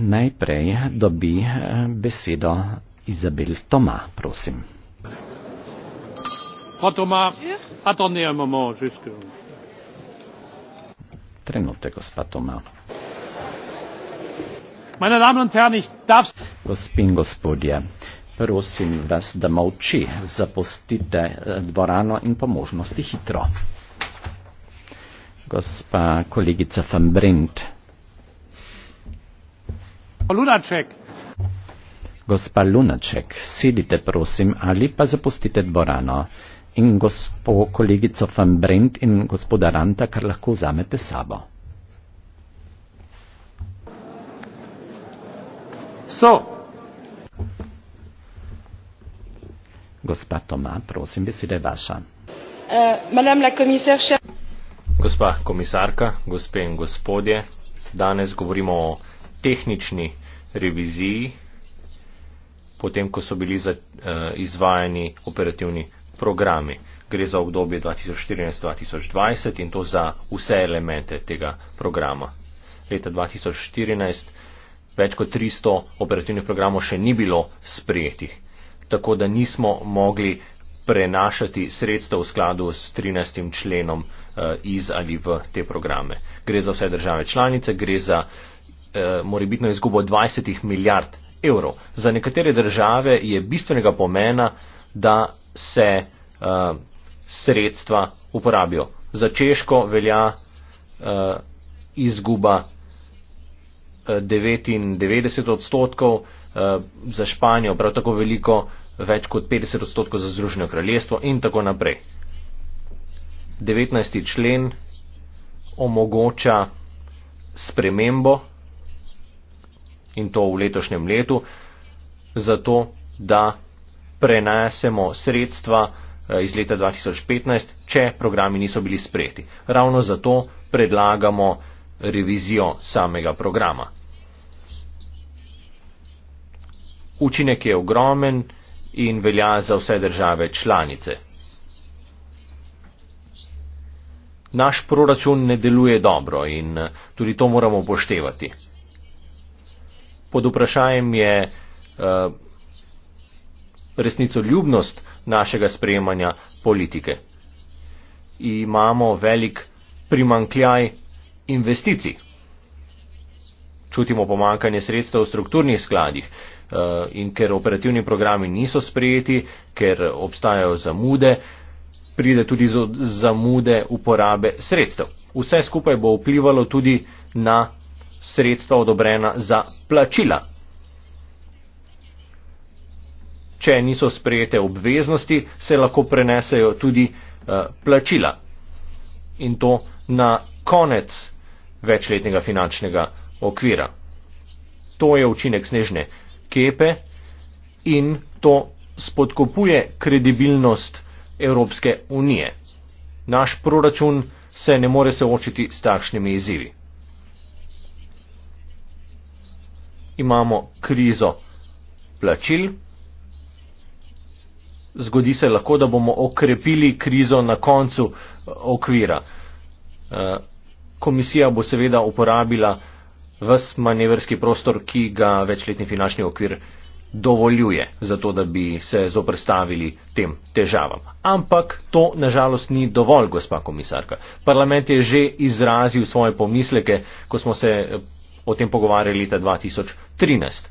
najprej dobi eh, besedo Izabel Toma, prosim. Pa Toma, attendez un moment, juste. Trenutek, gospa Toma. Meine Damen und Herren, ich darf... Gospin, gospodje, prosim vas, da molči, zapustite eh, dvorano in po možnosti hitro. Gospa kolegica van Brindt. Gospa Lunaček, sedite prosim ali pa zapustite dvorano in gospo kolegico van Brent in gospoda Ranta, kar lahko vzamete sabo. So. Gospa Toma, prosim, beseda je vaša. Uh, gospa komisarka, gospe in gospodje, danes govorimo o tehnični reviziji, potem ko so bili za, uh, izvajani operativni programi. Gre za obdobje 2014-2020 in to za vse elemente tega programa. Leta 2014 več kot 300 operativnih programov še ni bilo sprejetih, tako da nismo mogli prenašati sredstev v skladu s 13. členom uh, iz ali v te programe. Gre za vse države članice, gre za uh, eh, morebitno izgubo 20 milijard evrov. Za nekatere države je bistvenega pomena, da se eh, sredstva uporabijo. Za Češko velja eh, izguba eh, 99 odstotkov, eh, za Španijo prav tako veliko, več kot 50 odstotkov za Združeno kraljestvo in tako naprej. 19. člen omogoča spremembo in to v letošnjem letu, zato da prenesemo sredstva eh, iz leta 2015, če programi niso bili sprejeti. Ravno zato predlagamo revizijo samega programa. Učinek je ogromen in velja za vse države članice. Naš proračun ne deluje dobro in eh, tudi to moramo poštevati pod vprašajem je eh, resnicoljubnost našega sprejemanja politike. Imamo velik primankljaj investicij. Čutimo pomankanje sredstev v strukturnih skladih eh, in ker operativni programi niso sprejeti, ker obstajajo zamude, pride tudi zamude uporabe sredstev. Vse skupaj bo vplivalo tudi na sredstva odobrena za plačila. Če niso sprejete obveznosti, se lahko prenesejo tudi eh, plačila in to na konec večletnega finančnega okvira. To je učinek snežne kepe in to spodkopuje kredibilnost Evropske unije. Naš proračun se ne more soočiti s takšnimi izzivi. imamo krizo plačil. Zgodi se lahko, da bomo okrepili krizo na koncu eh, okvira. Eh, komisija bo seveda uporabila ves manevrski prostor, ki ga večletni finančni okvir dovoljuje, zato da bi se zoprstavili tem težavam. Ampak to nažalost ni dovolj, gospa komisarka. Parlament je že izrazil svoje pomisleke, ko smo se o tem pogovarjali leta 2013.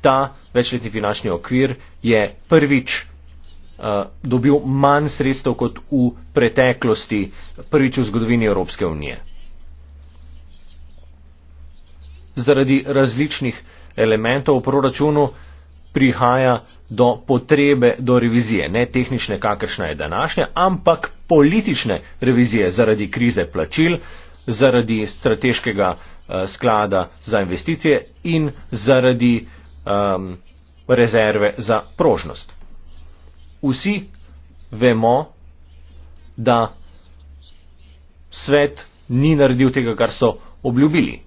Ta večletni finančni okvir je prvič eh, dobil manj sredstev kot v preteklosti, prvič v zgodovini Evropske unije. Zaradi različnih elementov v proračunu prihaja do potrebe do revizije, ne tehnične, kakršna je današnja, ampak politične revizije zaradi krize plačil, zaradi strateškega uh, Eh, sklada za investicije in zaradi um, rezerve za prožnost. Vsi vemo, da svet ni naredil tega, kar so obljubili.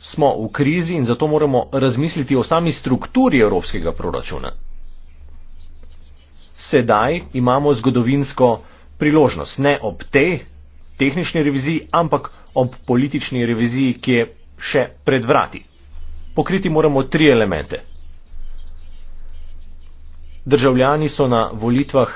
Smo v krizi in zato moramo razmisliti o sami strukturi evropskega proračuna. Sedaj imamo zgodovinsko priložnost, ne ob tej tehnični reviziji, ampak ob politični reviziji, ki je še pred vrati. Pokriti moramo tri elemente. Državljani so na volitvah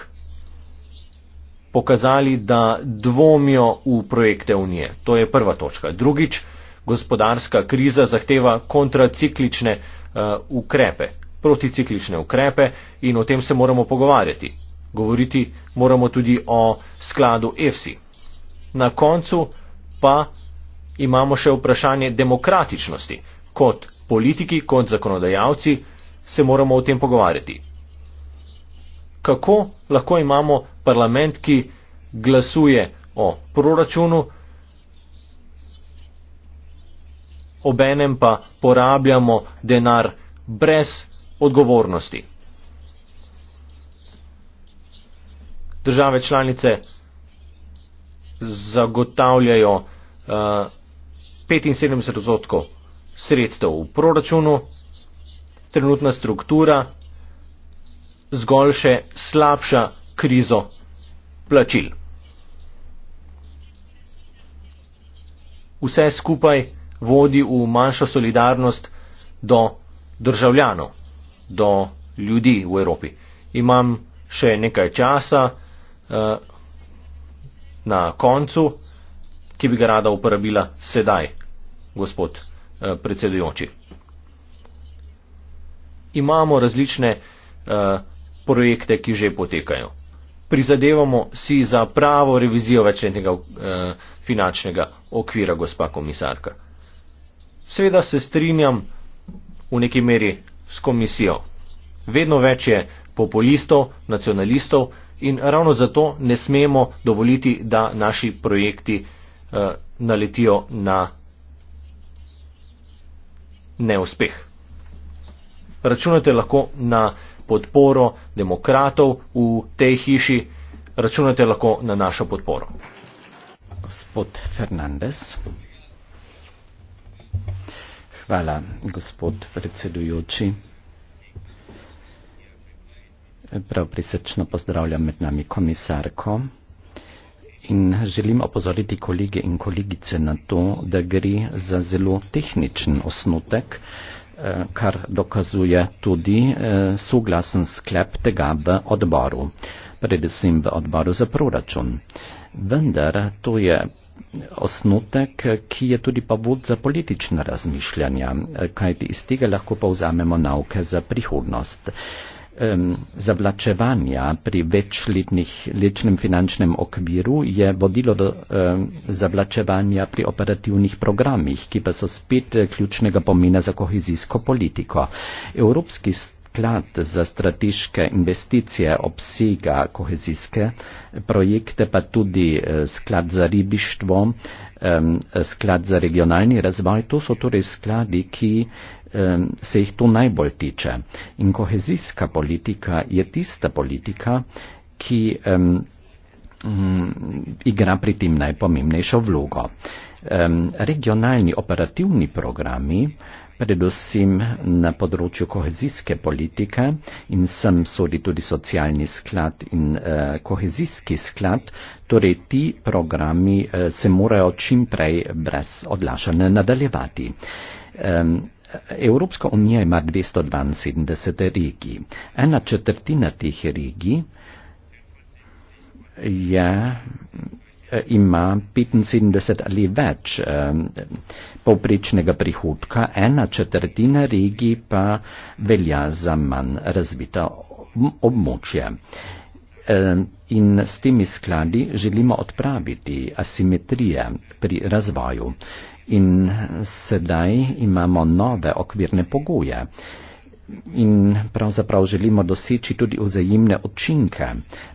pokazali, da dvomijo v projekte Unije. To je prva točka. Drugič, gospodarska kriza zahteva kontraciklične uh, ukrepe, proticiklične ukrepe in o tem se moramo pogovarjati. Govoriti moramo tudi o skladu EFSI na koncu pa imamo še vprašanje demokratičnosti. Kot politiki, kot zakonodajalci se moramo o tem pogovarjati. Kako lahko imamo parlament, ki glasuje o proračunu, obenem pa porabljamo denar brez odgovornosti. Države članice zagotavljajo uh, eh, 75 odstotkov sredstev v proračunu, trenutna struktura zgolj še slabša krizo plačil. Vse skupaj vodi v manjšo solidarnost do državljanov, do ljudi v Evropi. Imam še nekaj časa, eh, na koncu, ki bi ga rada uporabila sedaj, gospod eh, predsedujoči. Imamo različne eh, projekte, ki že potekajo. Prizadevamo si za pravo revizijo večletnega eh, finančnega okvira, gospa komisarka. Sveda se strinjam v neki meri s komisijo. Vedno več je populistov, nacionalistov, in ravno zato ne smemo dovoliti, da naši projekti eh, naletijo na neuspeh. Računate lahko na podporo demokratov v tej hiši, računate lahko na našo podporo. Gospod Fernandez. Hvala, gospod predsedujoči. Prav prisrčno pozdravljam med nami komisarko in želim opozoriti kolege in kolegice na to, da gre za zelo tehničen osnutek, eh, kar dokazuje tudi eh, soglasen sklep tega v odboru, predvsem v odboru za proračun. Vendar to je osnutek, ki je tudi povod za politična razmišljanja, kajti iz tega lahko povzamemo nauke za prihodnost um, zavlačevanja pri večletnih lečnem finančnem okviru je vodilo do um, zavlačevanja pri operativnih programih, ki pa so spet eh, ključnega pomena za kohezijsko politiko. Evropski sklad za strateške investicije obsega kohezijske projekte, pa tudi eh, sklad za ribištvo, sklad za regionalni razvoj. To so torej skladi, ki se jih tu najbolj tiče. In kohezijska politika je tista politika, ki mm, igra pri tem najpomembnejšo vlogo. Regionalni operativni programi predvsem na področju kohezijske politike in sem sodi tudi socialni sklad in eh, kohezijski sklad, torej ti programi eh, se morajo čim prej brez odlašanja nadaljevati. Ehm, Evropska unija ima 272 regij. Ena četrtina teh regij je Eh, ima 75 ali več eh, povprečnega prihodka, ena četrtina regij pa velja za manj razvita območja. Eh, in s temi skladi želimo odpraviti asimetrije pri razvoju. In sedaj imamo nove okvirne pogoje in pravzaprav želimo doseči tudi vzajemne očinke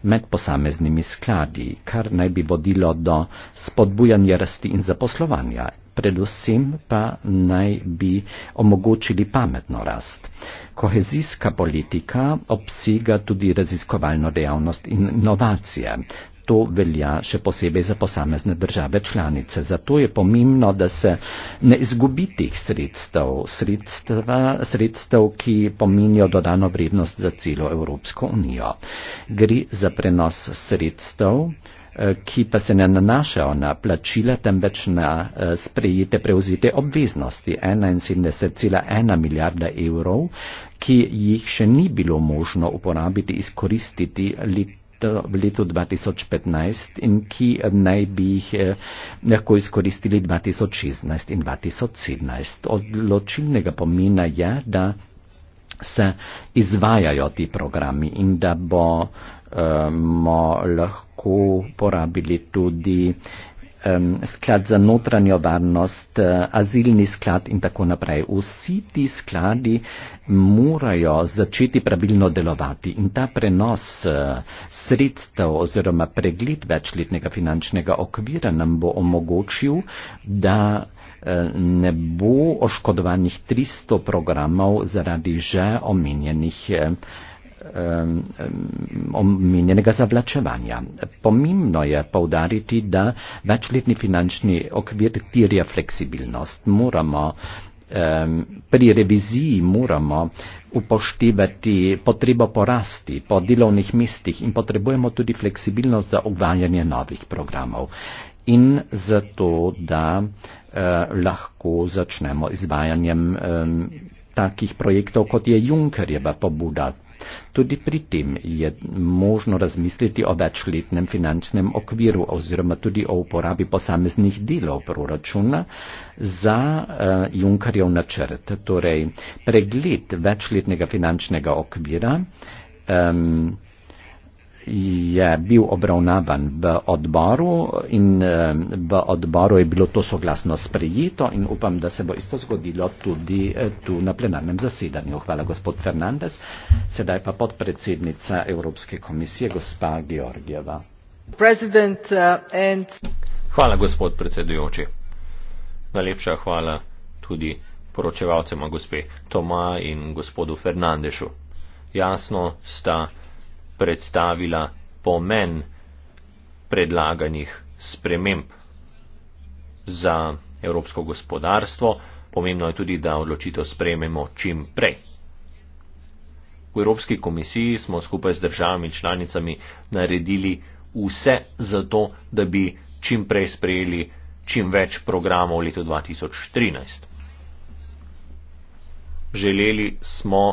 med posameznimi skladi, kar naj bi vodilo do spodbujanja rasti in zaposlovanja, predvsem pa naj bi omogočili pametno rast. Kohezijska politika obsega tudi raziskovalno dejavnost in inovacije, To velja še posebej za posamezne države članice. Zato je pomembno, da se ne izgubi teh sredstev, sredstva, sredstev, ki pominjo dodano vrednost za celo Evropsko unijo. Gre za prenos sredstev eh, ki pa se ne nanašajo na plačila, temveč na eh, sprejete preuzete obveznosti 71,1 milijarda evrov, ki jih še ni bilo možno uporabiti, izkoristiti leta leto, v letu 2015 in ki naj bi jih eh, lahko izkoristili 2016 in 2017. Odločilnega pomena je, da se izvajajo ti programi in da bomo eh, lahko porabili tudi um, sklad za notranjo varnost, uh, azilni sklad in tako naprej. Vsi ti skladi morajo začeti pravilno delovati in ta prenos uh, sredstev oziroma pregled večletnega finančnega okvira nam bo omogočil, da eh, ne bo oškodovanih 300 programov zaradi že omenjenih eh, omenjenega um, um, um, zavlačevanja. Pomembno je povdariti, da večletni finančni okvir tirja fleksibilnost. Moramo um, pri reviziji moramo upoštevati potrebo porasti po delovnih mestih in potrebujemo tudi fleksibilnost za uvajanje novih programov in zato, da uh, lahko začnemo izvajanjem um, takih projektov, kot je Junkerjeva pobuda Tudi pri tem je možno razmisliti o večletnem finančnem okviru oziroma tudi o uporabi posameznih delov proračuna za uh, eh, Junkarjev načrt. Torej, pregled večletnega finančnega okvira um, je bil obravnavan v odboru in v odboru je bilo to soglasno sprejeto in upam, da se bo isto zgodilo tudi eh, tu na plenarnem zasedanju. Hvala gospod Fernandez. Sedaj pa podpredsednica Evropske komisije, gospa Georgijeva. Eh, hvala gospod predsedujoči. Najlepša hvala tudi poročevalcema gospe Toma in gospodu Fernandešu. Jasno sta predstavila pomen predlaganih sprememb za evropsko gospodarstvo. Pomembno je tudi, da odločitev sprememo čim prej. V Evropski komisiji smo skupaj z državami članicami naredili vse za to, da bi čim prej sprejeli čim več programov v letu 2013. Želeli smo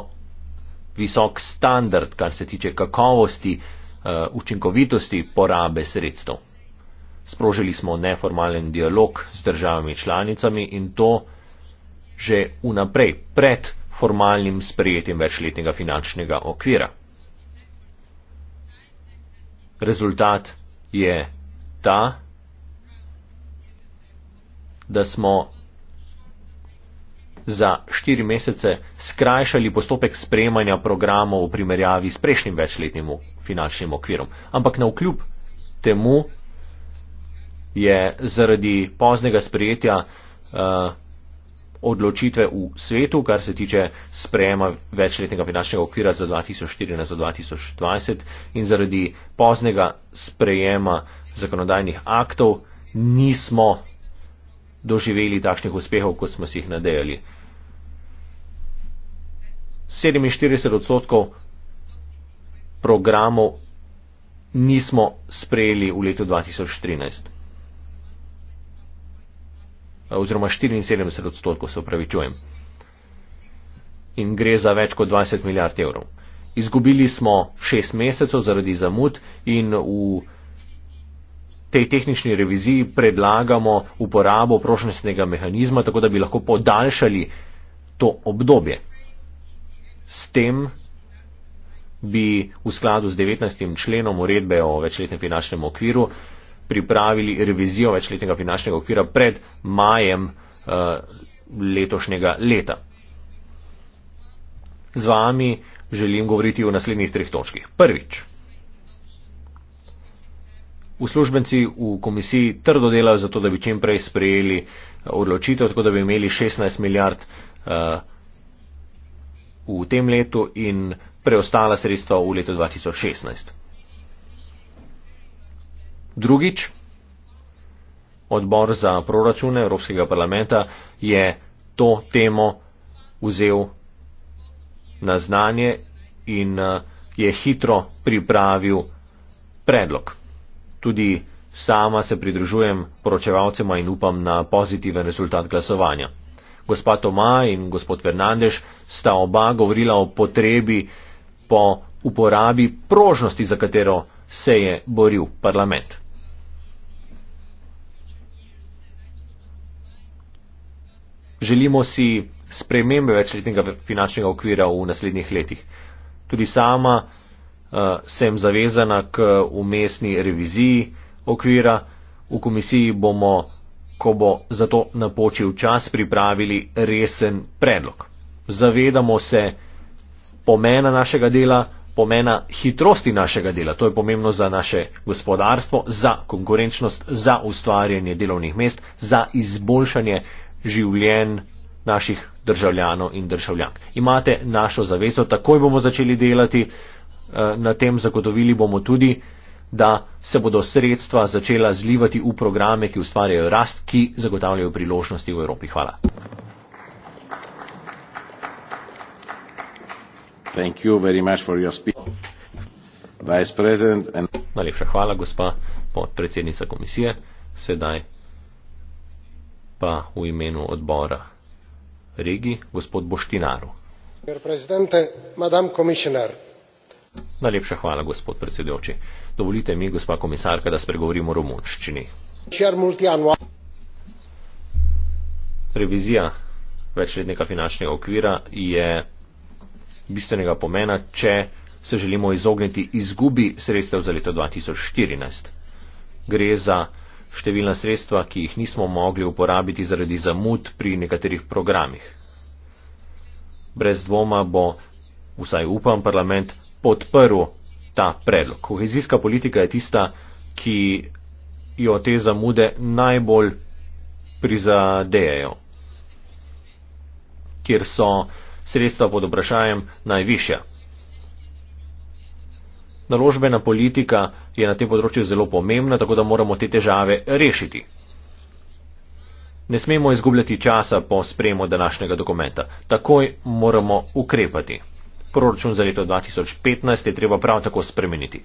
visok standard, kar se tiče kakovosti, eh, učinkovitosti porabe sredstev. Sprožili smo neformalen dialog z državami članicami in to že unaprej, pred formalnim sprejetjem večletnega finančnega okvira. Rezultat je ta, da smo za štiri mesece skrajšali postopek sprejemanja programov v primerjavi s prejšnjim večletnim finančnim okvirom. Ampak na vkljub temu je zaradi poznega sprejetja uh, odločitve v svetu, kar se tiče sprejema večletnega finančnega okvira za 2014 do 2020 in zaradi poznega sprejema zakonodajnih aktov, nismo doživeli takšnih uspehov, kot smo si jih nadejali. 47 odstotkov programov nismo sprejeli v letu 2013. Oziroma 74 odstotkov, se upravičujem. In gre za več kot 20 milijard evrov. Izgubili smo šest mesecev zaradi zamud in v tej tehnični reviziji predlagamo uporabo prošnostnega mehanizma, tako da bi lahko podaljšali to obdobje. S tem bi v skladu z 19. členom uredbe o večletnem finančnem okviru pripravili revizijo večletnega finančnega okvira pred majem uh, letošnjega leta. Z vami želim govoriti o naslednjih treh točkih. Prvič. Uslužbenci v komisiji trdo delajo zato, da bi čim prej sprejeli eh, odločitev, tako da bi imeli 16 milijard uh, v tem letu in preostala sredstva v letu 2016. Drugič, odbor za proračune Evropskega parlamenta je to temo vzel na znanje in je hitro pripravil predlog. Tudi sama se pridružujem poročevalcema in upam na pozitiven rezultat glasovanja gospa Toma in gospod Fernandeš sta oba govorila o potrebi po uporabi prožnosti, za katero se je boril parlament. Želimo si spremembe večletnega finančnega okvira v naslednjih letih. Tudi sama uh, sem zavezana k umestni reviziji okvira. V komisiji bomo ko bo za to napočil čas, pripravili resen predlog. Zavedamo se pomena našega dela, pomena hitrosti našega dela. To je pomembno za naše gospodarstvo, za konkurenčnost, za ustvarjanje delovnih mest, za izboljšanje življenj naših državljanov in državljank. Imate našo zavezo, takoj bomo začeli delati, eh, na tem zagotovili bomo tudi da se bodo sredstva začela zlivati v programe, ki ustvarjajo rast, ki zagotavljajo priložnosti v Evropi. Hvala. Najlepša hvala, gospa podpredsednica komisije. Sedaj pa v imenu odbora regi, gospod Boštinaru. Gospod predsednik, gospod komisar. Najlepša hvala, gospod predsedujoči. Dovolite mi, gospa komisarka, da spregovorimo romunščini. Revizija večletnega finančnega okvira je bistvenega pomena, če se želimo izogniti izgubi sredstev za leto 2014. Gre za številna sredstva, ki jih nismo mogli uporabiti zaradi zamud pri nekaterih programih. Brez dvoma bo, vsaj upam, parlament podprl ta predlog. Kohezijska politika je tista, ki jo te zamude najbolj prizadejejo, kjer so sredstva pod vprašajem najvišja. Naložbena politika je na tem področju zelo pomembna, tako da moramo te težave rešiti. Ne smemo izgubljati časa po spremu današnjega dokumenta. Takoj moramo ukrepati. Proračun za leto 2015 je treba prav tako spremeniti.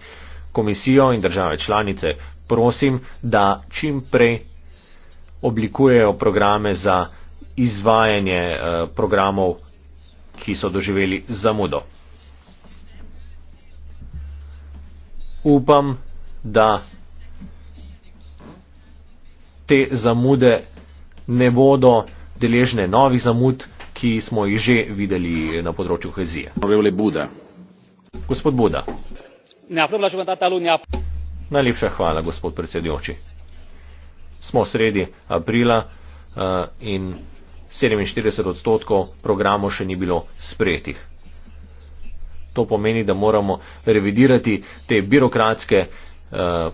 Komisijo in države članice prosim, da čim prej oblikujejo programe za izvajanje eh, programov, ki so doživeli zamudo. Upam, da te zamude ne bodo deležne novih zamud, ki smo jih že videli na področju kohezije. Gospod Buda. Najlepša hvala, gospod predsedujoči. Smo sredi aprila eh, in 47 odstotkov programov še ni bilo sprejetih. To pomeni, da moramo revidirati te birokratske eh,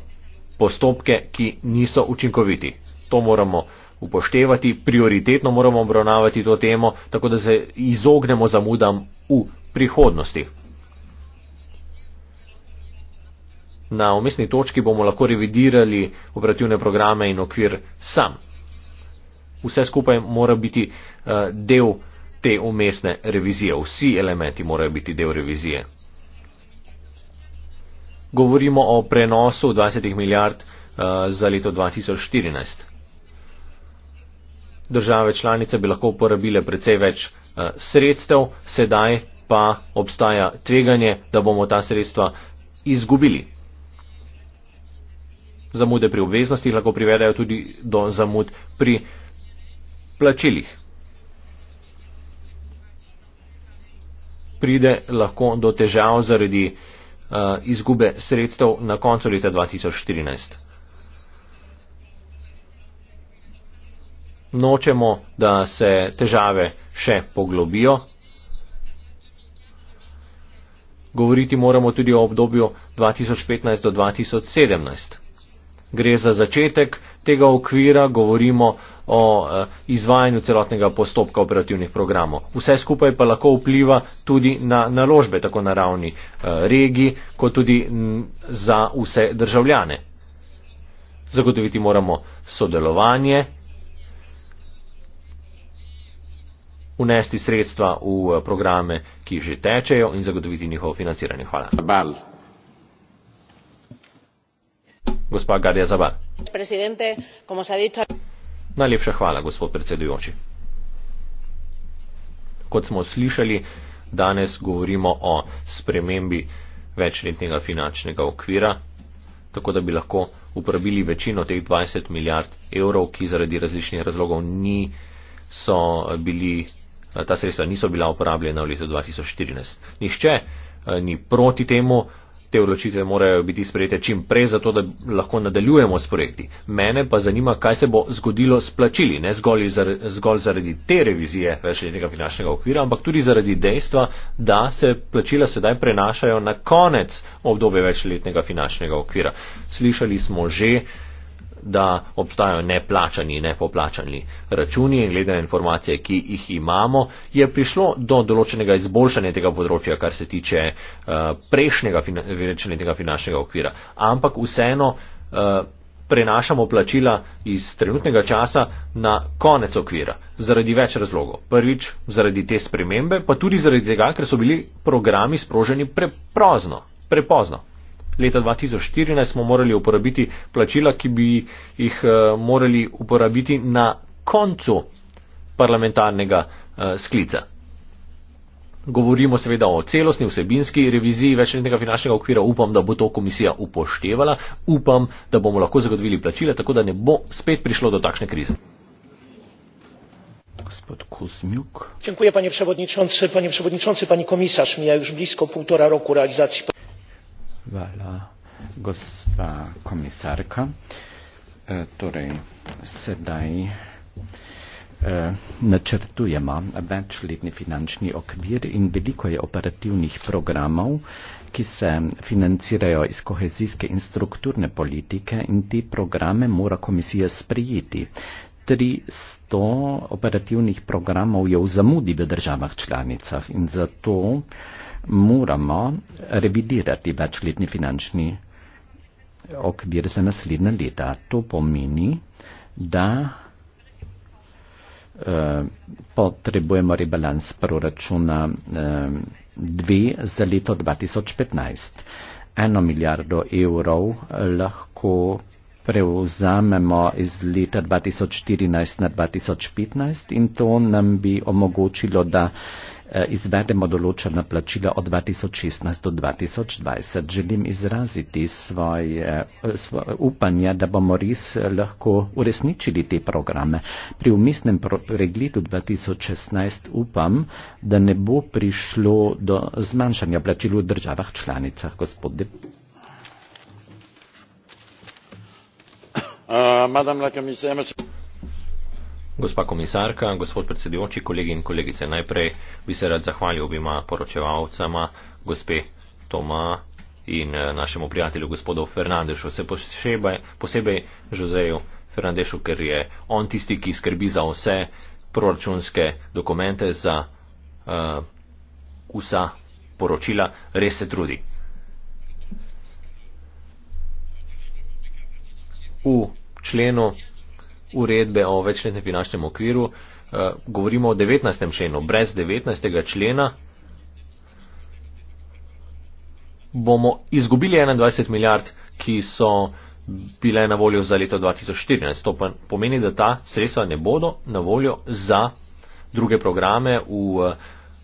postopke, ki niso učinkoviti. To moramo upoštevati, prioritetno moramo obravnavati to temo, tako da se izognemo zamudam v prihodnosti. Na omestni točki bomo lahko revidirali operativne programe in okvir sam. Vse skupaj mora biti eh, del te omestne revizije, vsi elementi morajo biti del revizije. Govorimo o prenosu 20 milijard eh, za leto 2014 države članice bi lahko uporabile precej več eh, sredstev, sedaj pa obstaja tveganje, da bomo ta sredstva izgubili. Zamude pri obveznostih lahko privedajo tudi do zamud pri plačilih. Pride lahko do težav zaradi uh, izgube sredstev na koncu leta 2014. nočemo, da se težave še poglobijo. Govoriti moramo tudi o obdobju 2015 do 2017. Gre za začetek tega okvira, govorimo o eh, izvajanju celotnega postopka operativnih programov. Vse skupaj pa lahko vpliva tudi na naložbe, tako na ravni eh, regij, kot tudi za vse državljane. Zagotoviti moramo sodelovanje. unesti sredstva v eh, programe, ki že tečejo in zagotoviti njihovo financiranje. Hvala. Zabal. Gospa Gadja Zabal. Najlepša hvala, gospod predsedujoči. Kot smo slišali, danes govorimo o spremembi večletnega finančnega okvira, tako da bi lahko uporabili večino teh 20 milijard evrov, ki zaradi različnih razlogov niso bili Eh, ta sredstva niso bila uporabljena v letu 2014. Nihče eh, ni proti temu, te odločitve morajo biti sprejete čim prej, zato da lahko nadaljujemo s projekti. Mene pa zanima, kaj se bo zgodilo s plačili, ne zgolj zaradi, zgolj zaradi te revizije večletnega finančnega okvira, ampak tudi zaradi dejstva, da se plačila sedaj prenašajo na konec obdobja večletnega finančnega okvira. Slišali smo že, da obstajajo neplačani in nepoplačani računi in glede na informacije, ki jih imamo, je prišlo do določenega izboljšanja tega področja, kar se tiče uh, prejšnjega finančnega, tega finančnega okvira. Ampak vseeno uh, prenašamo plačila iz trenutnega časa na konec okvira zaradi več razlogov. Prvič zaradi te spremembe, pa tudi zaradi tega, ker so bili programi sproženi preprozno, prepozno. Leta 2014 smo morali uporabiti plačila, ki bi jih eh, morali uporabiti na koncu parlamentarnega eh, sklica. Govorimo seveda o celostni vsebinski reviziji večletnega finančnega okvira. Upam, da bo to komisija upoštevala. Upam, da bomo lahko zagotovili plačila, tako da ne bo spet prišlo do takšne krize. Gospod Kuzmjuk. Dziękuję, panie przewodniczący, panie przewodniczący, pani komisarz. Mija już blisko półtora roku realizacji. Hvala, gospa komisarka. E, torej, sedaj e, načrtujemo večletni finančni okvir in veliko je operativnih programov, ki se financirajo iz kohezijske in strukturne politike in te programe mora komisija sprijeti. 300 operativnih programov je v zamudi v državah članicah in zato moramo revidirati večletni finančni okvir za naslednja leta. To pomeni, da eh, potrebujemo rebalans proračuna eh, dve za leto 2015. Eno milijardo evrov lahko prevzamemo iz leta 2014 na 2015 in to nam bi omogočilo, da Eh, izvedemo določena plačila od 2016 do 2020. Želim izraziti svoje, eh, svoje upanje, da bomo res lahko uresničili te programe. Pri umestnem pregledu 2016 upam, da ne bo prišlo do zmanjšanja plačil v državah članicah, gospod Dep. Uh, madame la commissaire, monsieur. Gospa komisarka, gospod predsedujoči, kolegi in kolegice, najprej bi se rad zahvalil obima poročevalcama, gospe Toma in eh, našemu prijatelju gospodu Fernandešu, se posebej, posebej Žozeju Fernandešu, ker je on tisti, ki skrbi za vse proračunske dokumente, za uh, vsa poročila, res se trudi. V členu uredbe o večletnem finančnem okviru, eh, govorimo o 19. členu. Brez 19. člena bomo izgubili 21 milijard, ki so bile na voljo za leto 2014. To pomeni, da ta sredstva ne bodo na voljo za druge programe v eh,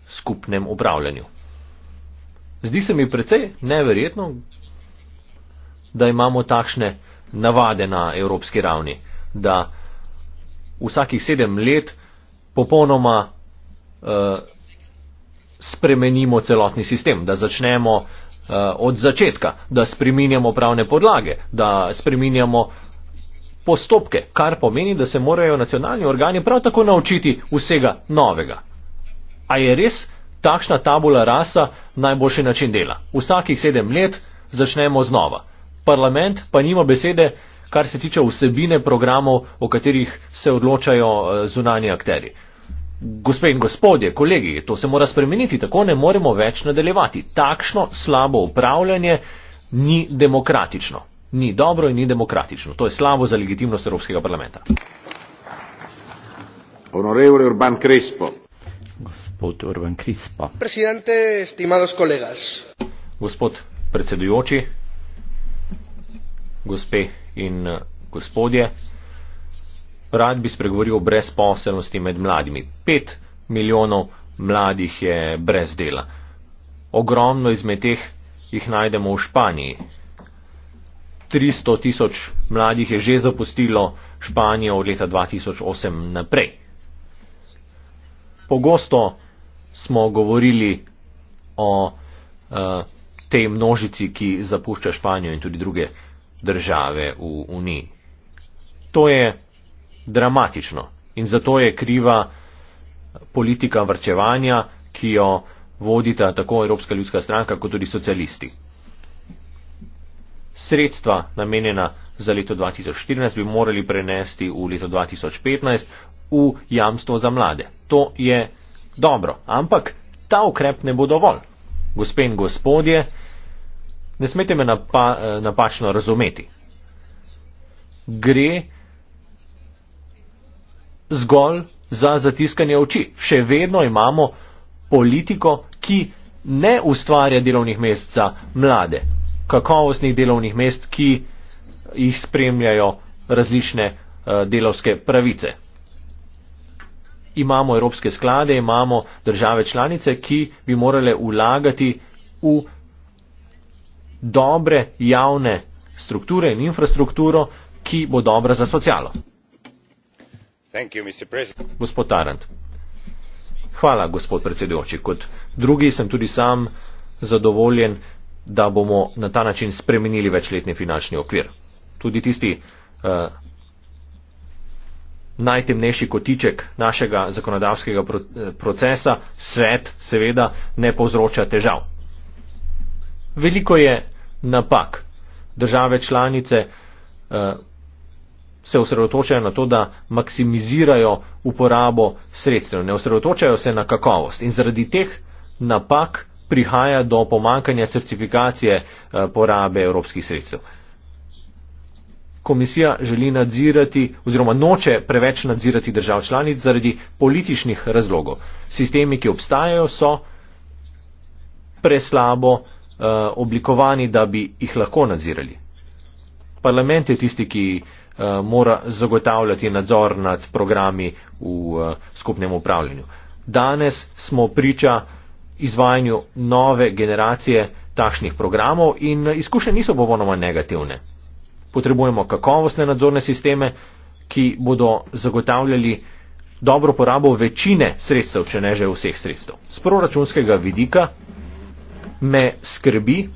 skupnem upravljanju. Zdi se mi precej neverjetno, da imamo takšne navade na evropski ravni, da vsakih sedem let popolnoma uh, spremenimo celotni sistem, da začnemo uh, od začetka, da spreminjamo pravne podlage, da spreminjamo postopke, kar pomeni, da se morajo nacionalni organi prav tako naučiti vsega novega. A je res takšna tabula rasa najboljši način dela? Vsakih sedem let začnemo znova. Parlament pa nima besede, kar se tiče vsebine programov, o katerih se odločajo eh, zunanji akteri. Gospe in gospodje, kolegi, to se mora spremeniti, tako ne moremo več nadaljevati. Takšno slabo upravljanje ni demokratično. Ni dobro in ni demokratično. To je slabo za legitimnost Evropskega parlamenta. Honorevole Urban Crispo. Gospod Urban Crispo. Presidente, stimados kolegas. Gospod predsedujoči, gospe in eh, gospodje, rad bi spregovoril o brezposelnosti med mladimi. Pet milijonov mladih je brez dela. Ogromno izmed teh jih najdemo v Španiji. 300 tisoč mladih je že zapustilo Španijo od leta 2008 naprej. Pogosto smo govorili o uh, tej množici, ki zapušča Španijo in tudi druge uh, države v Uniji. To je dramatično in zato je kriva politika vrčevanja, ki jo vodita tako Evropska ljudska stranka kot tudi socialisti. Sredstva namenjena za leto 2014 bi morali prenesti v leto 2015 v jamstvo za mlade. To je dobro, ampak ta ukrep ne bo dovolj. Gospe in gospodje, Ne smete me napa, eh, napačno razumeti. Gre zgolj za zatiskanje oči. Še vedno imamo politiko, ki ne ustvarja delovnih mest za mlade, kakovostnih delovnih mest, ki jih spremljajo različne eh, delovske pravice. Imamo evropske sklade, imamo države članice, ki bi morale vlagati v dobre javne strukture in infrastrukturo, ki bo dobra za socialo. You, gospod Tarant. Hvala, gospod predsedujoči. Kot drugi sem tudi sam zadovoljen, da bomo na ta način spremenili večletni finančni okvir. Tudi tisti uh, najtemnejši kotiček našega zakonodavskega eh, procesa, svet seveda ne povzroča težav. Veliko je napak. Države članice eh, se osredotočajo na to, da maksimizirajo uporabo sredstev, ne osredotočajo se na kakovost. In zaradi teh napak prihaja do pomankanja certifikacije eh, porabe evropskih sredstev. Komisija želi nadzirati oziroma noče preveč nadzirati držav članic zaradi političnih razlogov. Sistemi, ki obstajajo, so preslabo Eh, oblikovani, da bi jih lahko nadzirali. Parlament je tisti, ki eh, mora zagotavljati nadzor nad programi v eh, skupnem upravljanju. Danes smo priča izvajanju nove generacije takšnih programov in izkušnje niso popolnoma negativne. Potrebujemo kakovostne nadzorne sisteme, ki bodo zagotavljali dobro porabo večine sredstev, če ne že vseh sredstev. Z proračunskega vidika me skrbi,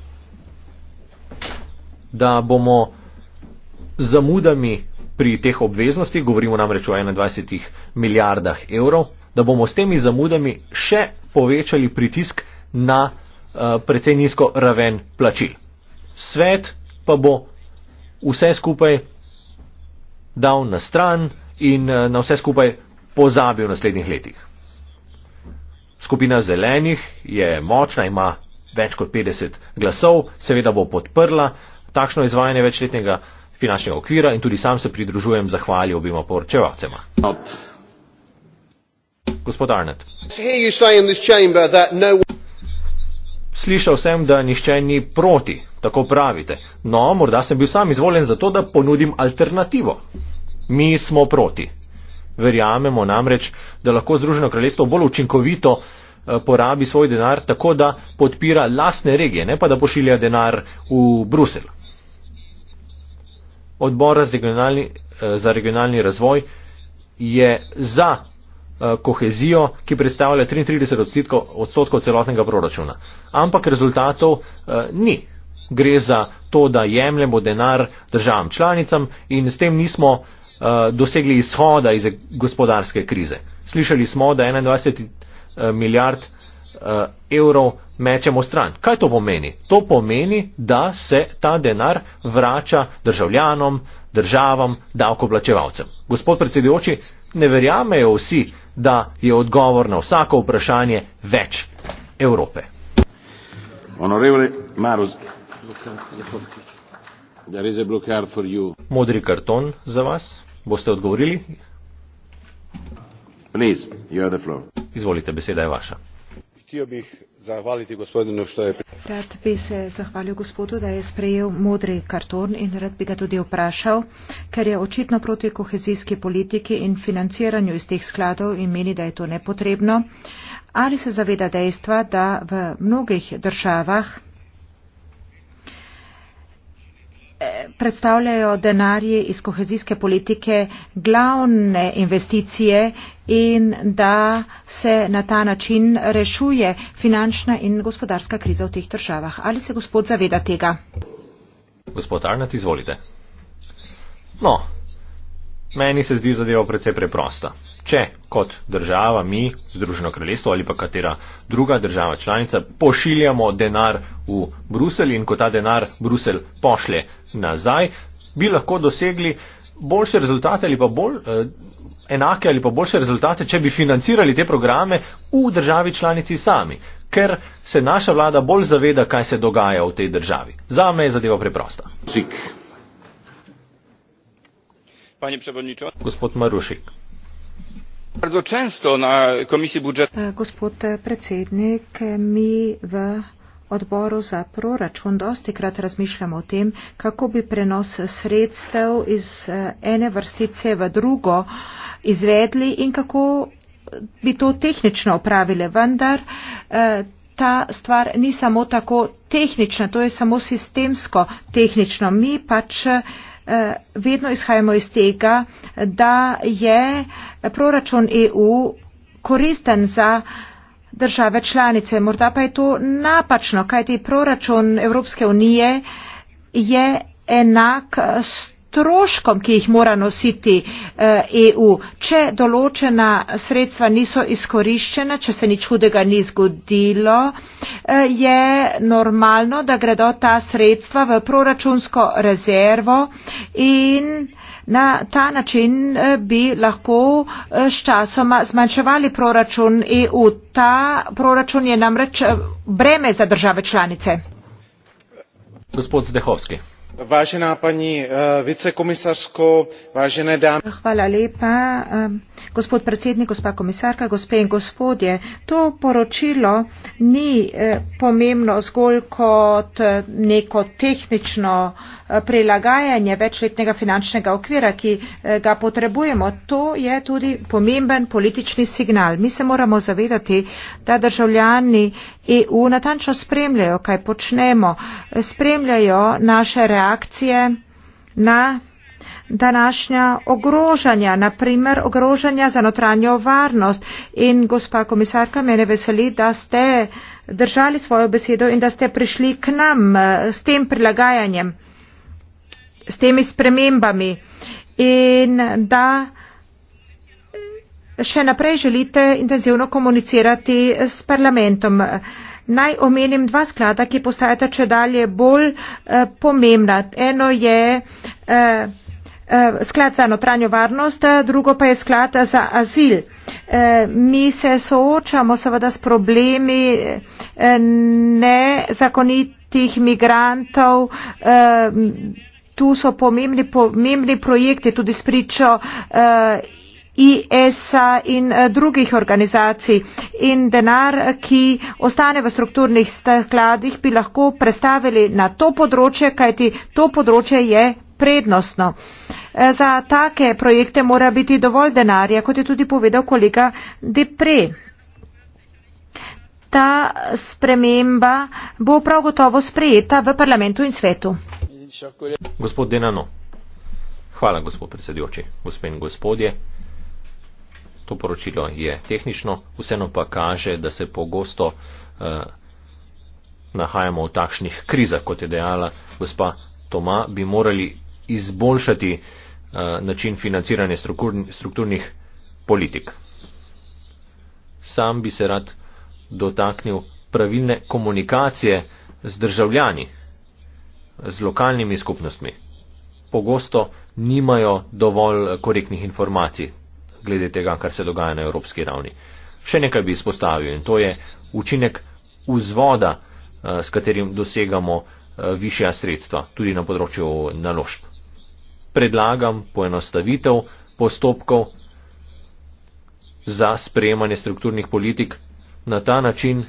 da bomo zamudami pri teh obveznostih, govorimo namreč o 21 milijardah evrov, da bomo s temi zamudami še povečali pritisk na uh, precej nizko raven plačil. Svet pa bo vse skupaj dal na stran in uh, na vse skupaj pozabil v naslednjih letih. Skupina zelenih je močna, ima več kot 50 glasov, seveda bo podprla takšno izvajanje večletnega finančnega okvira in tudi sam se pridružujem zahvali obima poročevalcema. Gospod Arnett. Slišal sem, da nišče ni proti, tako pravite. No, morda sem bil sam izvoljen zato, da ponudim alternativo. Mi smo proti. Verjamemo namreč, da lahko Združeno kraljestvo bolj učinkovito Eh, porabi svoj denar tako, da podpira lasne regije, ne pa da pošilja denar v Brusel. Odbor za regionalni, eh, za regionalni razvoj je za eh, kohezijo, ki predstavlja 33 odstotkov, odstotkov celotnega proračuna. Ampak rezultatov eh, ni. Gre za to, da jemljemo denar državam članicam in s tem nismo eh, dosegli izhoda iz gospodarske krize. Slišali smo, da 21. Eh, milijard eh, evrov mečemo stran. Kaj to pomeni? To pomeni, da se ta denar vrača državljanom, državam, davkoplačevalcem. Gospod predsedujoči, ne verjamejo vsi, da je odgovor na vsako vprašanje več Evrope. Modri karton za vas. Boste odgovorili? izvolite beseda je vaša rad bi se zahvalil gospodu da je sprejel modri karton in rad bi ga tudi vprašal ker je očitno proti kohezijski politiki in financiranju iz teh skladov in meni da je to nepotrebno ali se zaveda dejstva da v mnogih državah predstavljajo denarje iz kohezijske politike glavne investicije in da se na ta način rešuje finančna in gospodarska kriza v teh državah. Ali se gospod zaveda tega? Gospod Arnat, izvolite. No, Meni se zdi zadeva precej preprosta. Če kot država, mi, Združeno kraljestvo ali pa katera druga država članica, pošiljamo denar v Bruselj in ko ta denar Bruselj pošlje nazaj, bi lahko dosegli boljše rezultate ali pa bolj. Eh, enake ali pa boljše rezultate, če bi financirali te programe v državi članici sami, ker se naša vlada bolj zaveda, kaj se dogaja v tej državi. Za me je zadeva preprosta. Zik panie przewodniczący gospod Maruszyk. Bardzo często na komisji budżetowej gospod predsjednik mi w odboru za proračun dostikrat razmišljamo o tem, kako bi prenos sredstev iz e, ene vrstice v drugo izvedli in kako bi to tehnično opravili, vendar e, ta stvar ni samo tako tehnična, to je samo sistemsko tehnično. Mi pač Eh, vedno izhajamo iz tega, da je proračun EU koristen za države članice. Morda pa je to napačno, kajti proračun Evropske unije je enak 100 troškom, ki jih mora nositi EU. Eh, e če določena sredstva niso izkoriščena, če se nič hudega ni zgodilo, eh, je normalno, da gredo ta sredstva v proračunsko rezervo in na ta način eh, bi lahko s časoma zmanjševali proračun EU. Ta proračun je namreč breme za države članice. Gospod Zdehovski vážená pani eh, vicekomisařko vážené dámy eh, gospod predsednik, gospa komisarka, gospe in gospodje, to poročilo ni eh, pomembno zgolj kot neko tehnično prilagajanje večletnega finančnega okvira, ki ga potrebujemo. To je tudi pomemben politični signal. Mi se moramo zavedati, da državljani EU natančno spremljajo, kaj počnemo, spremljajo naše reakcije na današnja ogrožanja, naprimer ogrožanja za notranjo varnost. In gospa komisarka, mene veseli, da ste držali svojo besedo in da ste prišli k nam eh, s tem prilagajanjem, s temi spremembami in da še naprej želite intenzivno komunicirati s parlamentom. Naj omenim dva sklada, ki postajata če dalje bolj eh, pomembna. Eno je eh, eh, sklad za notranjo varnost, drugo pa je sklad za azil. Eh, mi se soočamo seveda s problemi eh, nezakonitih migrantov. Eh, tu so pomembni, pomembni projekti tudi s pričo. Eh, IS e in eh, drugih organizacij in denar, ki ostane v strukturnih skladih, bi lahko predstavili na to področje, kajti to področje je prednostno. Eh, za take projekte mora biti dovolj denarja, kot je tudi povedal kolega Depre. Ta sprememba bo prav gotovo sprejeta v parlamentu in svetu. Gospod Denano, hvala gospod predsedujoči, gospod in gospodje. To poročilo je tehnično, vseeno pa kaže, da se pogosto eh, nahajamo v takšnih krizah, kot je dejala gospa Toma, bi morali izboljšati eh, način financiranja strukturnih politik. Sam bi se rad dotaknil pravilne komunikacije z državljani, z lokalnimi skupnostmi. Pogosto nimajo dovolj korektnih informacij glede tega, kar se dogaja na evropski ravni. Še nekaj bi izpostavil in to je učinek vzvoda, eh, s katerim dosegamo eh, višja sredstva, tudi na področju naložb. Predlagam poenostavitev postopkov za sprejemanje strukturnih politik. Na ta način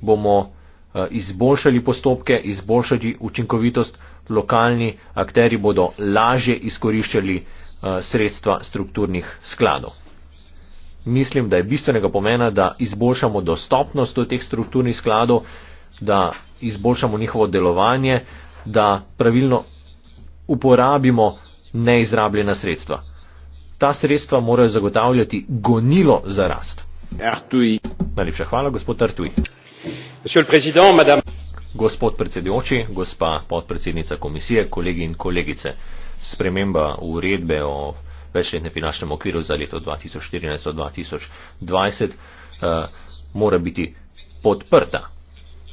bomo eh, izboljšali postopke, izboljšali učinkovitost lokalni akteri bodo lažje izkoriščali eh, sredstva strukturnih skladov. Mislim, da je bistvenega pomena, da izboljšamo dostopnost do teh strukturnih skladov, da izboljšamo njihovo delovanje, da pravilno uporabimo neizrabljena sredstva. Ta sredstva morajo zagotavljati gonilo za rast. Artui. Najlepša hvala, gospod Artui. Gospod predsednik, madame. Gospod predsedujoči, gospa podpredsednica komisije, kolegi in kolegice, sprememba uredbe o večletnem finančnem okviru za leto 2014-2020 uh, eh, mora biti podprta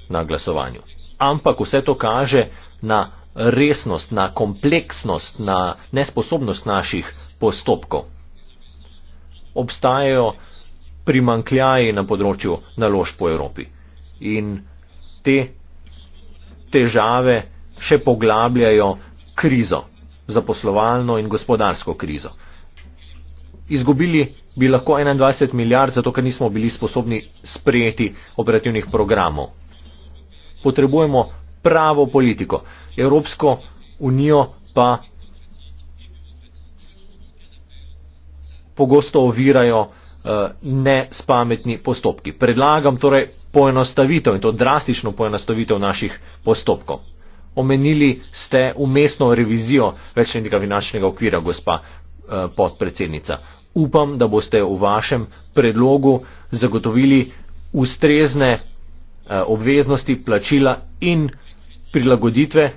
na glasovanju. Ampak vse to kaže na resnost, na kompleksnost, na nesposobnost naših postopkov. Obstajajo primankljaji na področju naložb po Evropi. In te težave še poglabljajo krizo, zaposlovalno in gospodarsko krizo. Izgubili bi lahko 21 milijard, zato ker nismo bili sposobni sprejeti operativnih programov. Potrebujemo pravo politiko. Evropsko unijo pa pogosto ovirajo uh, nespametni postopki. Predlagam torej poenostavitev in to drastično poenostavitev naših postopkov. Omenili ste umestno revizijo večletnega finančnega okvira, gospa eh, podpredsednica. Upam, da boste v vašem predlogu zagotovili ustrezne eh, obveznosti, plačila in prilagoditve,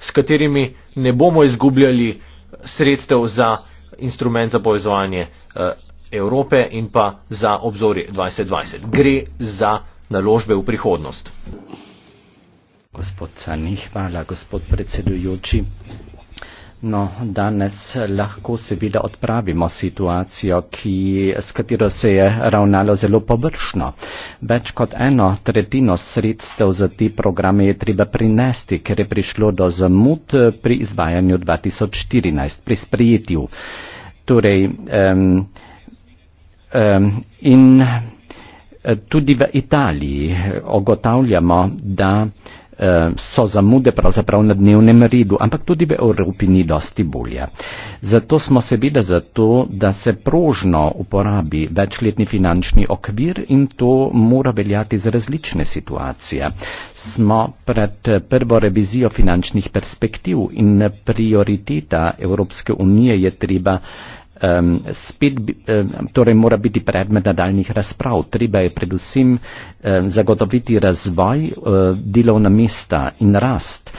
s katerimi ne bomo izgubljali sredstev za instrument za povezovanje eh, Evrope in pa za obzorje 2020. Gre za naložbe v prihodnost. Gospod Cani, hvala, gospod predsedujoči. No, danes lahko seveda odpravimo situacijo, ki, s katero se je ravnalo zelo površno. Več kot eno tretjino sredstev za ti programe je treba prinesti, ker je prišlo do zamud pri izvajanju 2014, pri sprejetju. Torej, um, Ehm, in eh, tudi v Italiji ogotavljamo, eh, da eh, so zamude pravzaprav na dnevnem redu, ampak tudi v Evropi ni dosti bolje. Zato smo se bile za to, da se prožno uporabi večletni finančni okvir in to mora veljati za različne situacije. Smo pred prvo revizijo finančnih perspektiv in prioriteta Evropske unije je treba um, spet um, torej mora biti predmet nadaljnih razprav. Treba je predvsem um, zagotoviti razvoj um, delovna mesta in rast.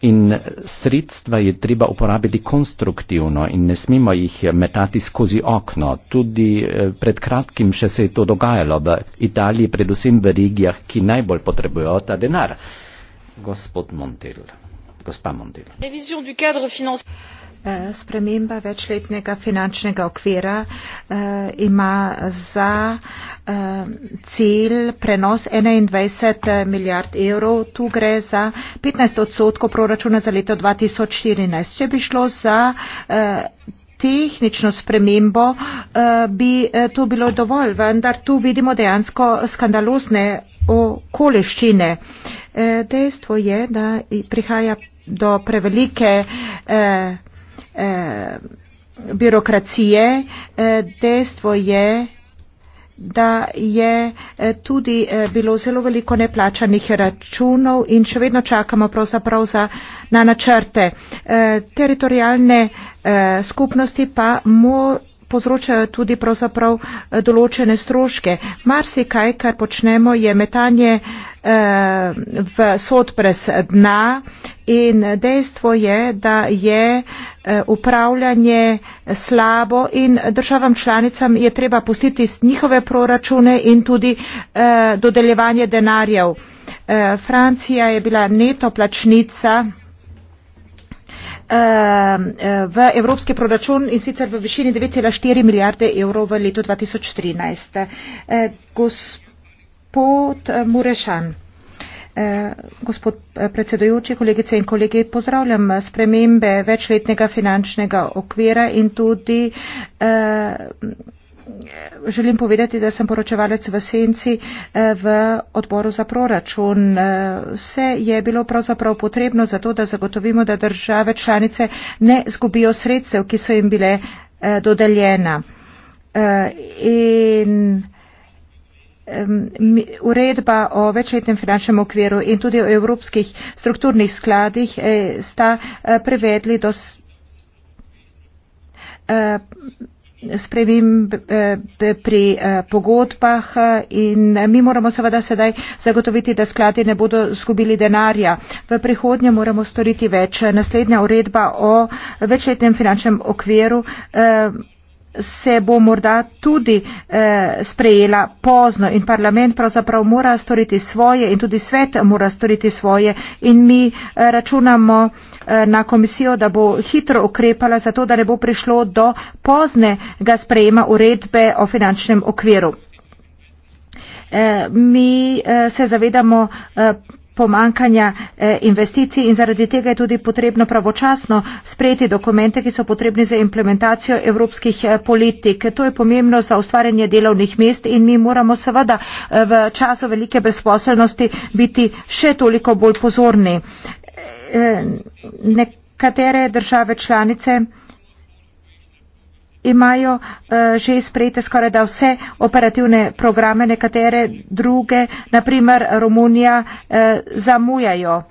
In sredstva je treba uporabiti konstruktivno in ne smemo jih metati skozi okno. Tudi eh, pred kratkim še se je to dogajalo v Italiji, predvsem v regijah, ki najbolj potrebujejo ta denar. Gospod Montel, gospa Montel. Eh, sprememba večletnega finančnega okvira eh, ima za eh, cilj prenos 21 milijard evrov. Tu gre za 15 odstotkov proračuna za leto 2014. Če bi šlo za tehnično spremembo, bi to bilo dovolj, vendar tu vidimo dejansko skandalozne okoliščine. Dejstvo je, da prihaja do prevelike eh, Eh, birokracije. Eh, dejstvo je, da je eh, tudi bilo zelo veliko neplačanih računov in še vedno čakamo pravzaprav za, na načrte. Teritorijalne skupnosti pa morajo povzročajo tudi pravzaprav eh, določene stroške. Marsi kaj, kar počnemo, je metanje eh, v sod brez dna in dejstvo je, da je eh, upravljanje slabo in državam članicam je treba pustiti njihove proračune in tudi eh, dodeljevanje denarjev. Eh, Francija je bila neto plačnica Ehm, eh, v evropski proračun in sicer v višini 9,4 milijarde evrov v letu 2013. Eh, gospod eh, Murešan. Gospod predsedujoči, kolegice in kolegi, pozdravljam spremembe večletnega finančnega okvira in tudi eh, želim povedati, da sem poročevalec v Senci eh, v odboru za proračun. Eh, vse je bilo pravzaprav potrebno za to, da zagotovimo, da države članice ne zgubijo sredstev, ki so jim bile eh, dodeljena. In uredba o večletnem finančnem okviru in tudi o evropskih strukturnih skladih sta privedli do spremembe eh, eh, pri eh, pogodbah in mi moramo seveda sedaj zagotoviti, da skladi ne bodo zgubili denarja. V prihodnje moramo storiti več. Naslednja uredba o večletnem finančnem okviru se bo morda tudi eh, sprejela pozno in parlament pravzaprav mora storiti svoje in tudi svet mora storiti svoje in mi eh, računamo eh, na komisijo, da bo hitro ukrepala za to, da ne bo prišlo do poznega sprejema uredbe o finančnem okviru. Eh, mi eh, se zavedamo. Eh, pomankanja eh, investicij in zaradi tega je tudi potrebno pravočasno sprejeti dokumente, ki so potrebni za implementacijo evropskih eh, politik. To je pomembno za ustvarjanje delovnih mest in mi moramo seveda eh, v času velike brezposelnosti biti še toliko bolj pozorni. Nekatere države članice imajo uh, že sprejete skoraj da vse operativne programe, nekatere druge, naprimer Romunija, uh, zamujajo.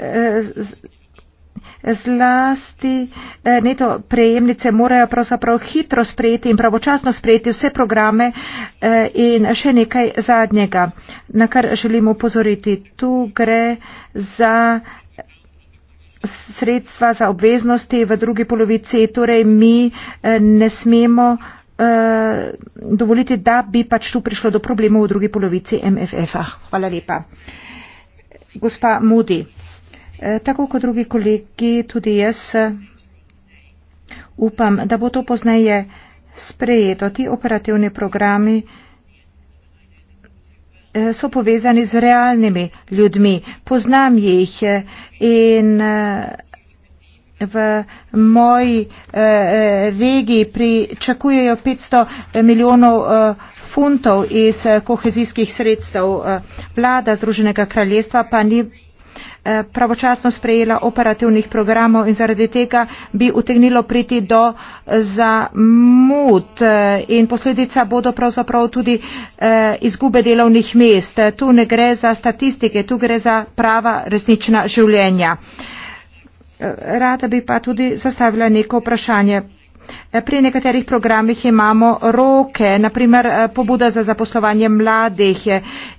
Eh, zlasti neto prejemnice morajo pravzaprav hitro sprejeti in pravočasno sprejeti vse programe in še nekaj zadnjega, na kar želimo upozoriti. Tu gre za sredstva za obveznosti v drugi polovici, torej mi eh, ne smemo eh, dovoliti, da bi pač tu prišlo do problemov v drugi polovici MFF-a. Hvala lepa. Gospa Moody, eh, tako kot drugi kolegi, tudi jaz upam, da bo to pozneje sprejeto. Ti operativni programi Eh, so povezani z realnimi ljudmi. Poznam jih eh, in eh, v moji regiji pričakujejo 500 milijonov funtov iz kohezijskih sredstev. Vlada Združenega kraljestva pa ni Eh, pravočasno sprejela operativnih programov in zaradi tega bi utegnilo priti do eh, zamud eh, in posledica bodo pravzaprav tudi izgube delovnih mest. Tu ne gre za statistike, tu gre za prava resnična življenja. Rada bi pa tudi zastavila neko vprašanje. Pri nekaterih programih imamo roke, naprimer eh, pobuda za zaposlovanje mladih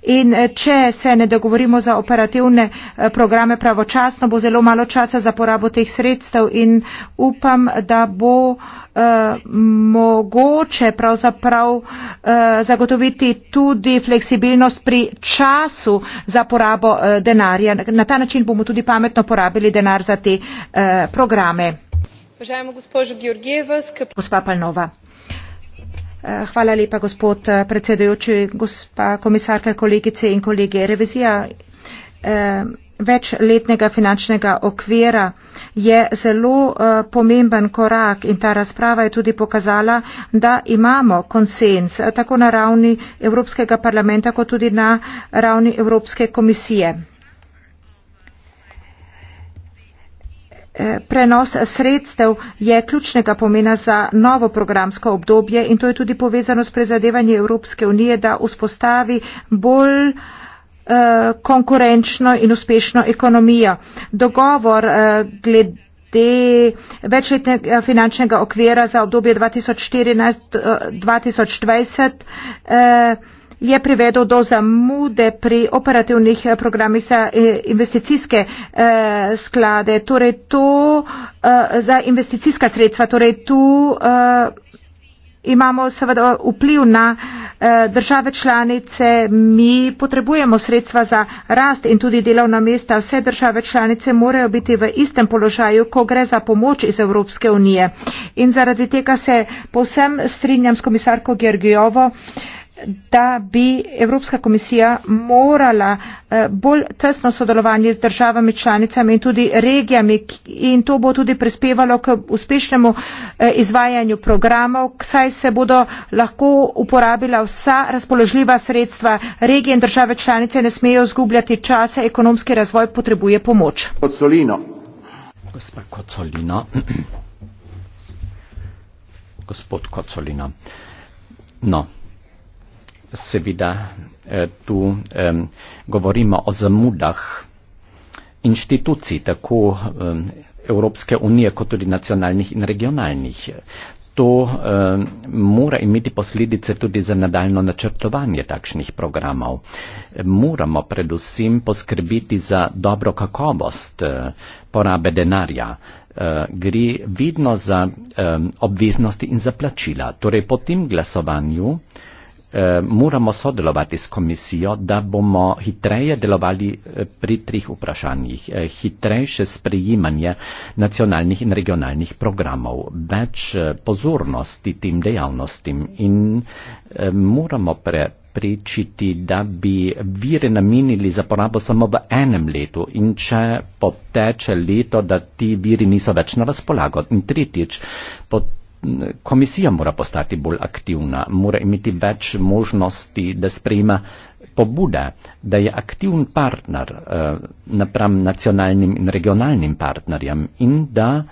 in eh, če se ne dogovorimo za operativne eh, programe pravočasno, bo zelo malo časa za porabo teh sredstev in upam, da bo uh, mogoče pravzaprav uh, zagotoviti tudi fleksibilnost pri času za porabo uh, denarja. Na ta način bomo tudi pametno porabili denar za te uh, programe. Gospa Palnova. Hvala lepa, gospod predsedujoči, gospa komisarka, kolegice in kolege. Revizija večletnega finančnega okvira je zelo pomemben korak in ta razprava je tudi pokazala, da imamo konsens tako na ravni Evropskega parlamenta, kot tudi na ravni Evropske komisije. Eh, prenos sredstev je ključnega pomena za novo programsko obdobje in to je tudi povezano s prezadevanjem Evropske unije, da vzpostavi bolj eh, konkurenčno in uspešno ekonomijo. Dogovor eh, glede večletnega finančnega okvira za obdobje 2014-2020 je privedel do zamude pri operativnih eh, programih za eh, investicijske eh, sklade, torej to za investicijska sredstva, torej tu imamo seveda vpliv na države članice, mi potrebujemo sredstva za rast in tudi delovna mesta, vse države članice morajo biti v istem položaju, ko gre za pomoč iz Evropske unije. In zaradi tega se povsem strinjam s komisarko Gergijovo, da bi Evropska komisija morala eh, bolj tesno sodelovanje z državami članicami in tudi regijami in to bo tudi prispevalo k uspešnemu eh, izvajanju programov, saj se bodo lahko uporabila vsa razpoložljiva sredstva. Regije in države članice ne smejo zgubljati časa, ekonomski razvoj potrebuje pomoč. Kocolino. Gospa Kocolina. Gospod Kocolina. No seveda eh, tu um, govorimo o zamudah inštitucij, tako um, Evropske unije, kot tudi nacionalnih in regionalnih. To um, mora imeti posledice tudi za nadaljno načrtovanje takšnih programov. Moramo predvsem poskrbeti za dobro kakovost uh, porabe denarja. Uh, gre vedno za um, obveznosti in za plačila. Torej, po tem glasovanju uh, eh, moramo sodelovati s komisijo, da bomo hitreje delovali eh, pri trih vprašanjih. Eh, hitrejše sprejemanje nacionalnih in regionalnih programov, več eh, pozornosti tem dejavnostim in eh, moramo pre pričiti, da bi vire namenili za porabo samo v enem letu in če poteče leto, da ti viri niso več na razpolago. In tretjič, komisija mora postati bolj aktivna, mora imeti več možnosti, da sprejema pobude, da je aktivn partner eh, napram nacionalnim in regionalnim partnerjem in da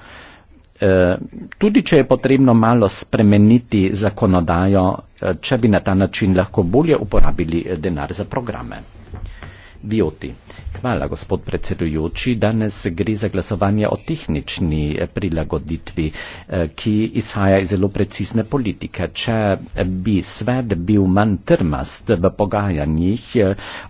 eh, tudi, če je potrebno malo spremeniti zakonodajo, eh, če bi na ta način lahko bolje uporabili eh, denar za programe. Vioti. Hvala, gospod predsedujoči. Danes gre za glasovanje o tehnični eh, prilagoditvi, eh, ki izhaja iz zelo precizne politike. Če eh, bi svet bil manj trmast v pogajanjih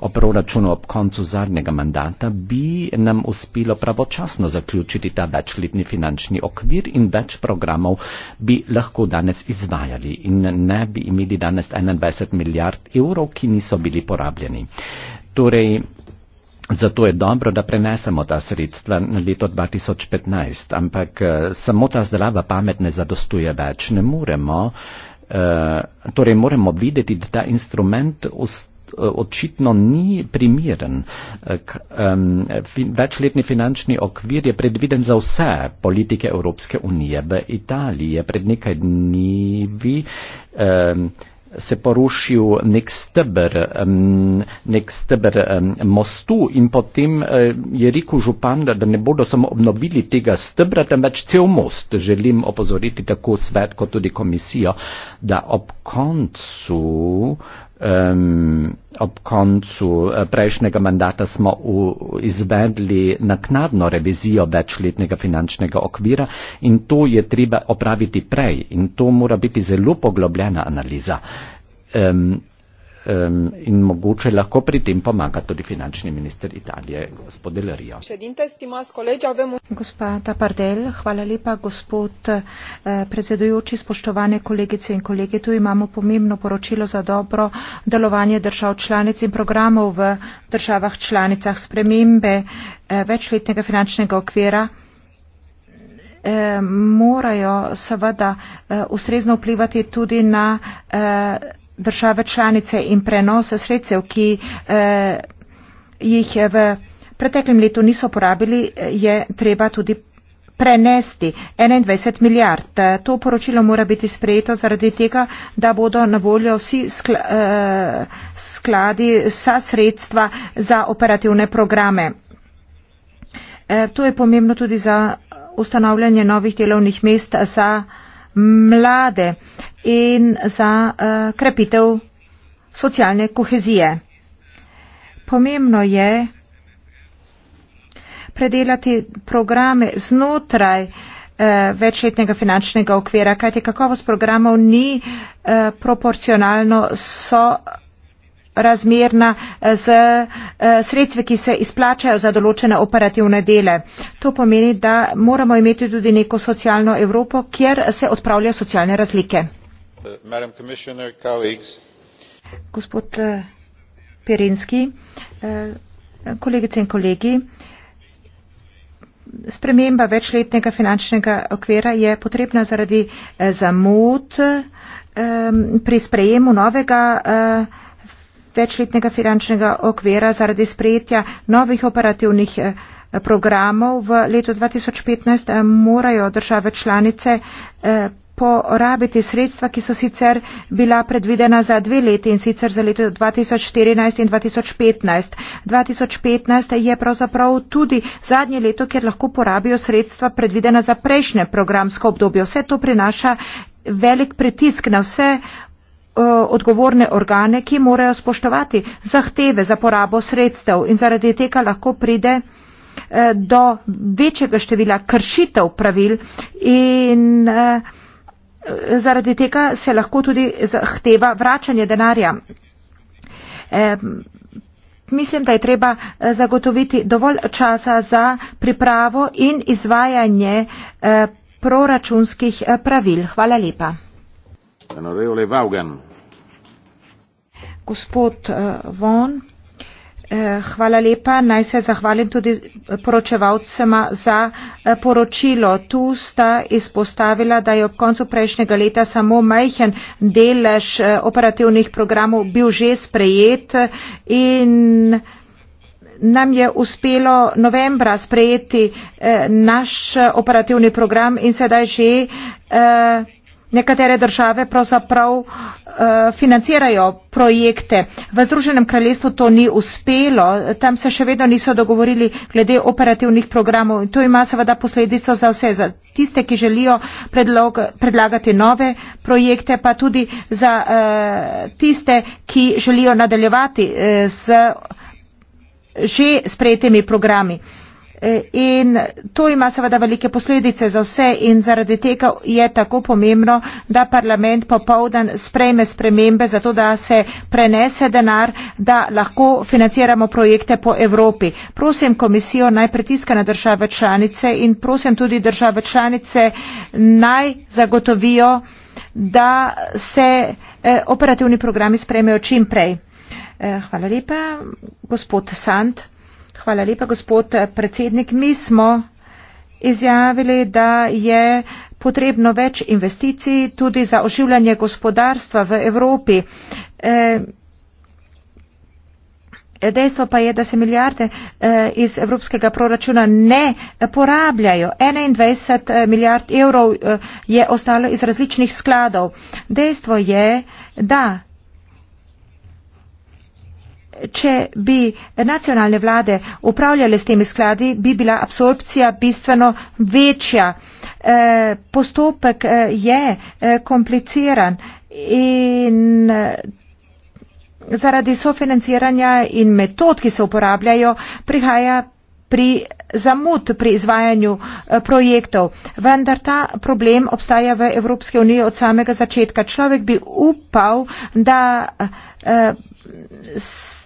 o proračunu ob koncu zadnjega mandata, bi nam uspelo pravočasno zaključiti ta večletni finančni okvir in več programov bi lahko danes izvajali in ne bi imeli danes 21 milijard evrov, ki niso bili porabljeni. Torej, zato je dobro, da prenesemo ta sredstva na leto 2015, ampak eh, samo ta zdrava pamet ne zadostuje več. Ne moremo, eh, torej moramo videti, da ta instrument eh, očitno ni primiren. Večletni finančni okvir je predviden za vse politike Evropske unije. V Italiji je pred nekaj dnevi se porušil nek stebr, nek stebr mostu in potem eh, je rekel župan, da ne bodo samo obnovili tega stebra, temveč cel most. Želim opozoriti tako svet kot tudi komisijo, da ob koncu um, ob koncu eh, prejšnjega mandata smo u, izvedli naknadno revizijo večletnega finančnega okvira in to je treba opraviti prej in to mora biti zelo poglobljena analiza. Um, um, in mogoče lahko pri tem pomaga tudi finančni minister Italije, gospod Delarijo. Gospa Tapardel, hvala lepa, gospod eh, predsedujoči, spoštovane kolegice in kolege. Tu imamo pomembno poročilo za dobro delovanje držav članic in programov v državah članicah spremembe eh, večletnega finančnega okvira eh, morajo seveda eh, ustrezno vplivati tudi na eh, države članice in prenos sredstev, ki eh, jih v preteklem letu niso porabili, eh, je treba tudi prenesti 21 milijard. To poročilo mora biti sprejeto zaradi tega, da bodo na voljo vsi eh, skladi sa sredstva za operativne programe. Eh, to je pomembno tudi za ustanavljanje novih delovnih mest za mlade in za eh, krepitev socialne kohezije. Pomembno je predelati programe znotraj eh, večletnega finančnega okvira, kajti kakovost programov ni eh, proporcionalno so razmerna z sredstvi, ki se izplačajo za določene operativne dele. To pomeni, da moramo imeti tudi neko socialno Evropo, kjer se odpravljajo socialne razlike. Uh, Gospod uh, Perinski, uh, kolegice in kolegi, sprememba večletnega finančnega okvira je potrebna zaradi eh, zamud um, pri sprejemu novega eh, večletnega finančnega okvira zaradi sprejetja novih operativnih eh, programov v letu 2015 morajo države članice porabiti sredstva, ki so sicer bila predvidena za dve leti in sicer za leto 2014 in 2015. 2015 je pravzaprav tudi zadnje leto, kjer lahko porabijo sredstva predvidena za prejšnje programsko obdobje. Vse to prinaša velik pritisk na vse eh, odgovorne organe, ki morajo spoštovati zahteve za porabo sredstev in zaradi tega lahko pride eh, do večjega števila kršitev pravil in eh, zaradi tega se lahko tudi zahteva vračanje denarja. E, mislim, da je treba eh, zagotoviti dovolj časa za pripravo in izvajanje e, proračunskih pravil. Hvala lepa. Gospod Von. Eh, hvala lepa. Naj se zahvalim tudi poročevalcema za eh, poročilo. Tu sta izpostavila, da je ob koncu prejšnjega leta samo majhen delež eh, operativnih programov bil že sprejet in nam je uspelo novembra sprejeti naš operativni program in sedaj že Nekatere države pravzaprav eh, financirajo projekte. V Združenem kraljestvu to ni uspelo, tam se še vedno niso dogovorili glede operativnih programov in to ima seveda posledico za vse, za tiste, ki želijo predlog, predlagati nove projekte, pa tudi za uh, tiste, ki želijo nadaljevati uh, eh, z že sprejetimi programi. Uh, In to ima seveda velike posledice za vse in zaradi tega je tako pomembno, da parlament popovdan sprejme spremembe, zato da se prenese denar, da lahko financiramo projekte po Evropi. Prosim komisijo naj pritiska na države članice in prosim tudi države članice naj zagotovijo, da se eh, operativni programi sprejmejo čim prej. Eh, hvala lepa, gospod Sand. Hvala lepa, gospod eh, predsednik. Mi smo izjavili, da je potrebno več investicij tudi za oživljanje gospodarstva v Evropi. Eh, dejstvo pa je, da se milijarde eh, iz evropskega proračuna ne porabljajo. 21 milijard evrov je ostalo iz različnih skladov. Dejstvo je, da če bi nacionalne vlade upravljale s temi skladi, bi bila absorpcija bistveno večja. Eh, postopek eh, je eh, kompliciran in zaradi sofinanciranja in metod, ki se uporabljajo, prihaja pri zamud pri izvajanju projektov. Vendar ta problem obstaja v Evropske unije od samega začetka. Človek bi upal, da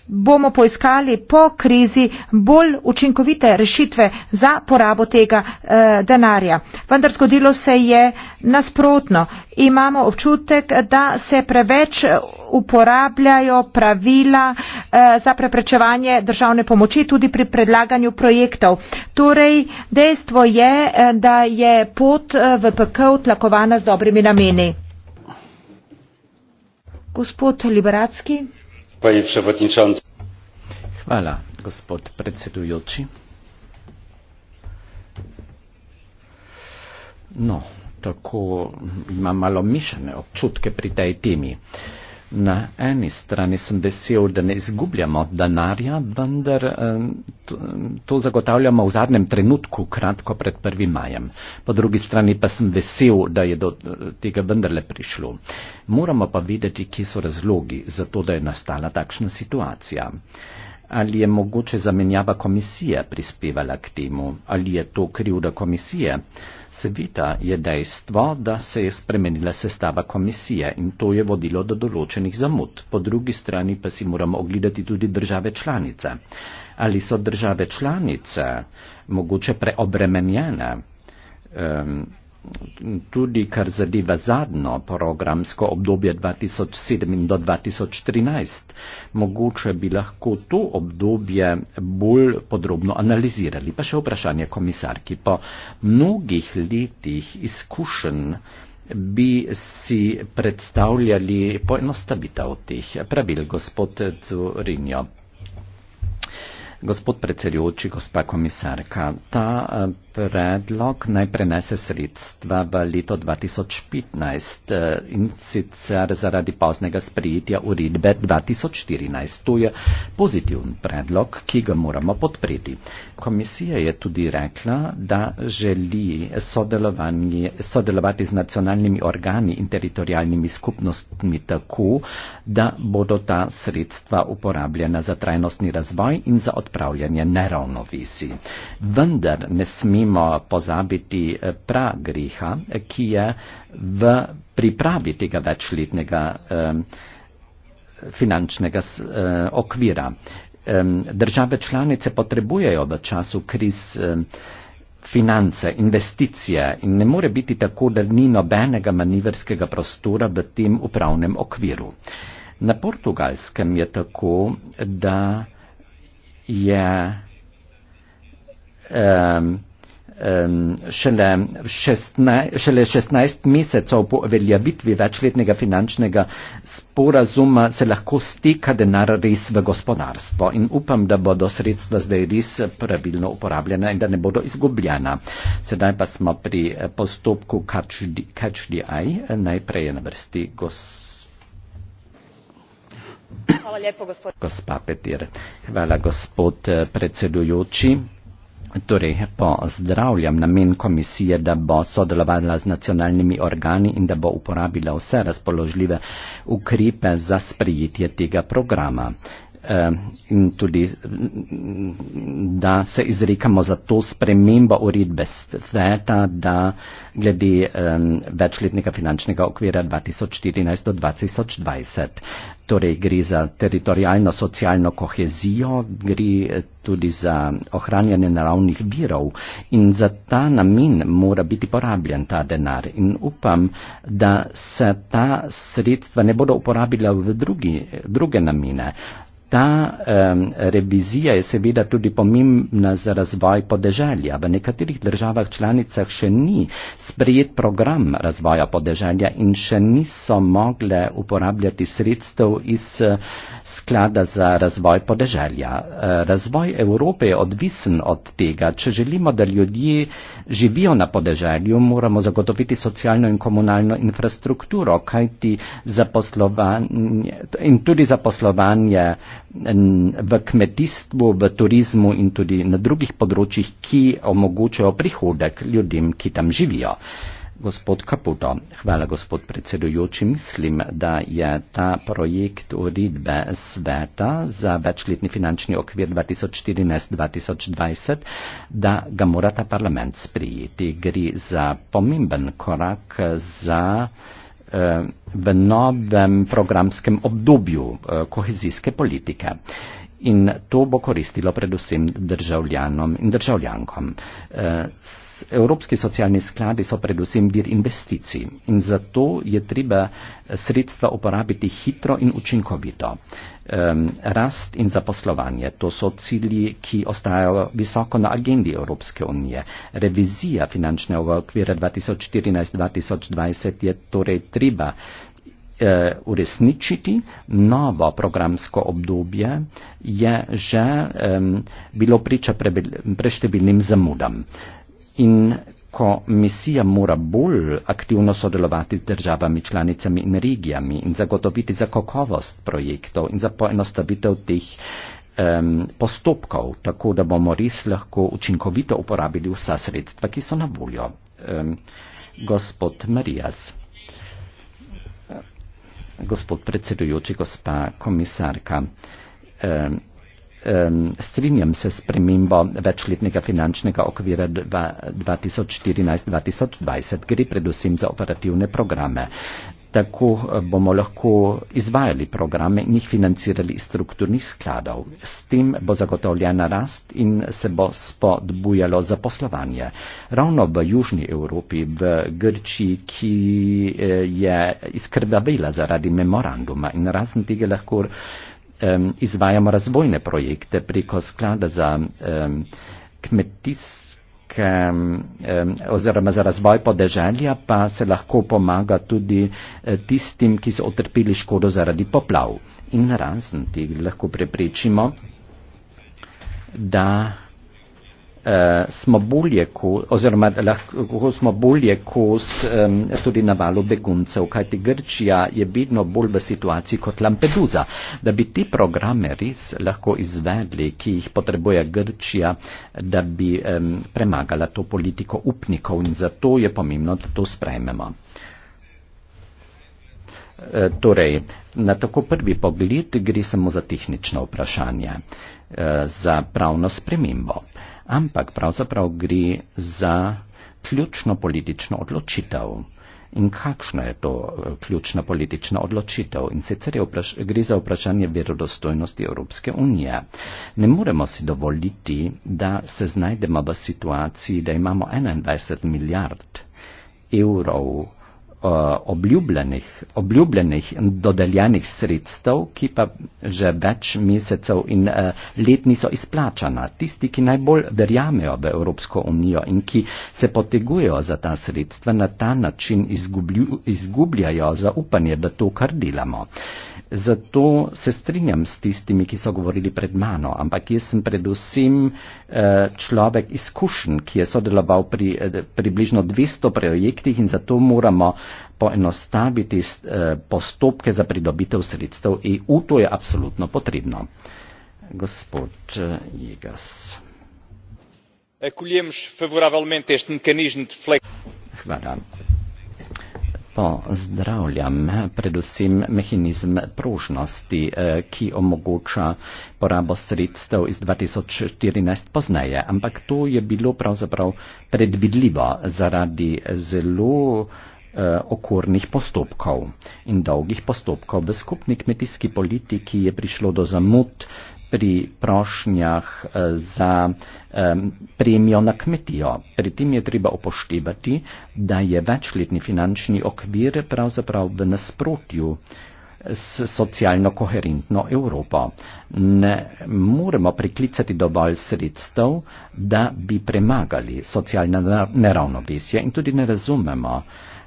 bomo poiskali po krizi bolj učinkovite rešitve za porabo tega eh, denarja. Vendar zgodilo se je nasprotno. Imamo občutek, da se preveč eh, uporabljajo pravila eh, za preprečevanje državne pomoči tudi pri predlaganju projektov. Torej, dejstvo je, eh, da je pot eh, v PK utlakovana z dobrimi nameni. Gospod Liberacki. Panie Przewodniczący. Chwala, gospod precydujący. No, tako imam malo mišljenje, občutke pri tej temi. Uh, Na eni strani sem vesel, da ne izgubljamo denarja, vendar to, to zagotavljamo v zadnjem trenutku, kratko pred 1. majem. Po drugi strani pa sem vesel, da je do tega vendarle prišlo. Moramo pa vedeti, kje so razlogi za to, da je nastala takšna situacija ali je mogoče zamenjava komisije prispevala k temu, ali je to krivda komisije. Seveda je dejstvo, da se je spremenila sestava komisije in to je vodilo do določenih zamud. Po drugi strani pa si moramo ogledati tudi države članice. Ali so države članice mogoče preobremenjene? Um, tudi kar zadeva zadnjo programsko obdobje 2007 do 2013, mogoče bi lahko to obdobje bolj podrobno analizirali. Pa še vprašanje komisarki. Po mnogih letih izkušenj bi si predstavljali poenostavitev teh pravil, gospod Curinjo. Gospod predsedujoči, gospa komisarka, ta eh, predlog naj prenese sredstva v leto 2015 eh, in sicer zaradi poznega sprejetja uredbe 2014. To je pozitiven predlog, ki ga moramo podpreti. Komisija je tudi rekla, da želi sodelovati z nacionalnimi organi in teritorijalnimi skupnostmi tako, da bodo ta sredstva uporabljena za trajnostni razvoj in za odpravljanje odpravljanje neravnovesi. Vendar ne smemo pozabiti eh, pra griha, eh, ki je v pripravi tega večletnega finančnega eh, okvira. Države članice potrebujejo v času kriz finance, investicije in ne more biti tako, da ni nobenega manivrskega prostora v tem upravnem okviru. Na portugalskem je tako, da je um, um, šele, šestna, šele 16 mesecev po uveljavitvi večletnega finančnega sporazuma se lahko steka denar res v gospodarstvo in upam, da bodo sredstva zdaj res pravilno uporabljena in da ne bodo izgubljena. Sedaj pa smo pri eh, postopku catch the, catch the eye. Najprej je na vrsti gospodarstvo. Hvala, gospod eh, predsedujoči. Torej, pozdravljam namen komisije, da bo sodelovala z nacionalnimi organi in da bo uporabila vse razpoložljive ukrepe za sprejetje tega programa eh, in tudi, da se izrekamo za to spremembo uredbe sveta, da glede eh, večletnega finančnega okvira 2014 do 2020. Torej gre za teritorijalno socialno kohezijo, gre tudi za ohranjanje naravnih virov in za ta namen mora biti porabljen ta denar. In upam, da se ta sredstva ne bodo uporabila v drugi, druge namene ta um, revizija je seveda tudi pomembna za razvoj podeželja. V nekaterih državah članicah še ni sprejet program razvoja podeželja in še niso mogle uporabljati sredstev iz uh, sklada za razvoj podeželja. Eh, razvoj Evrope je odvisen od tega. Če želimo, da ljudje živijo na podeželju, moramo zagotoviti socialno in komunalno infrastrukturo, kajti in tudi zaposlovanje v kmetijstvu, v turizmu in tudi na drugih področjih, ki omogočajo prihodek ljudem, ki tam živijo. Uh, gospod Kaputo. Hvala, gospod predsedujoči. Mislim, da je ta projekt uredbe sveta za večletni finančni okvir 2014-2020, da ga mora ta parlament sprijeti. Gre za pomemben korak za eh, v novem programskem obdobju eh, kohezijske politike. In to bo koristilo predvsem državljanom in državljankom. Eh, evropski socialni skladi so predvsem vir investicij in zato je treba sredstva uporabiti hitro in učinkovito. Um, rast in zaposlovanje, to so cilji, ki ostajajo visoko na agendi Evropske unije. Revizija finančnega okvira 2014-2020 je torej treba e, uresničiti novo programsko obdobje je že um, bilo priča preštevilnim zamudam. Uh, in ko misija mora bolj aktivno sodelovati z državami, članicami in regijami in zagotoviti za kakovost projektov in za poenostavitev teh um, postopkov, tako da bomo res lahko učinkovito uporabili vsa sredstva, ki so na voljo. Um, gospod Marijas, gospod predsedujoči, gospa komisarka. Um, um, strinjam se s premembo večletnega finančnega okvira 2014-2020. Gre predvsem za operativne programe. Tako eh, bomo lahko izvajali programe in jih financirali iz strukturnih skladov. S tem bo zagotovljena rast in se bo spodbujalo zaposlovanje. Ravno v Južni Evropi, v Grčiji, ki eh, je izkrbavila zaradi memoranduma in razen tega lahko um, izvajamo razvojne projekte preko sklada za um, kmetijske um, oziroma za razvoj podeželja, pa se lahko pomaga tudi eh, tistim, ki so utrpeli škodo zaradi poplav. In razen tega lahko preprečimo, da Eh, smo bolje, ko, oziroma lahko smo bolje, ko um, tudi na valu beguncev, kajti Grčija je vedno bolj v situaciji kot Lampedusa. Da bi ti programe res lahko izvedli, ki jih potrebuje Grčija, da bi um, premagala to politiko upnikov in zato je pomembno, da to sprejmemo. Eh, torej, na tako prvi pogled gre samo za tehnično vprašanje, eh, za pravno spremembo ampak pravzaprav gre za ključno politično odločitev. In kakšna je to eh, ključna politična odločitev? In sicer vpraš gre za vprašanje verodostojnosti Evropske unije. Ne moremo si dovoliti, da se znajdemo v situaciji, da imamo 21 milijard evrov Eh, obljubljenih, obljubljenih dodeljenih sredstev, ki pa že več mesecev in eh, let niso izplačana. Tisti, ki najbolj verjamejo v Evropsko unijo in ki se potegujejo za ta sredstva, na ta način izgubljajo zaupanje, da to, kar delamo. Zato se strinjam s tistimi, ki so govorili pred mano, ampak jaz sem predvsem eh, človek izkušen, ki je sodeloval pri približno 200 projektih in zato moramo poenostaviti eh, postopke za pridobitev sredstev EU. To je absolutno potrebno. Gospod eh, Jegas. Hvala. Pozdravljam predvsem mehanizem prožnosti, eh, ki omogoča porabo sredstev iz 2014 pozneje, ampak to je bilo pravzaprav predvidljivo zaradi zelo Eh, okornih postopkov in dolgih postopkov. V skupni kmetijski politiki je prišlo do zamud pri prošnjah eh, za eh, premijo na kmetijo. Pri tem je treba upoštevati, da je večletni finančni okvir pravzaprav v nasprotju s socialno koherentno Evropo. Ne moremo priklicati dovolj sredstev, da bi premagali socialna neravnovesja in tudi ne razumemo,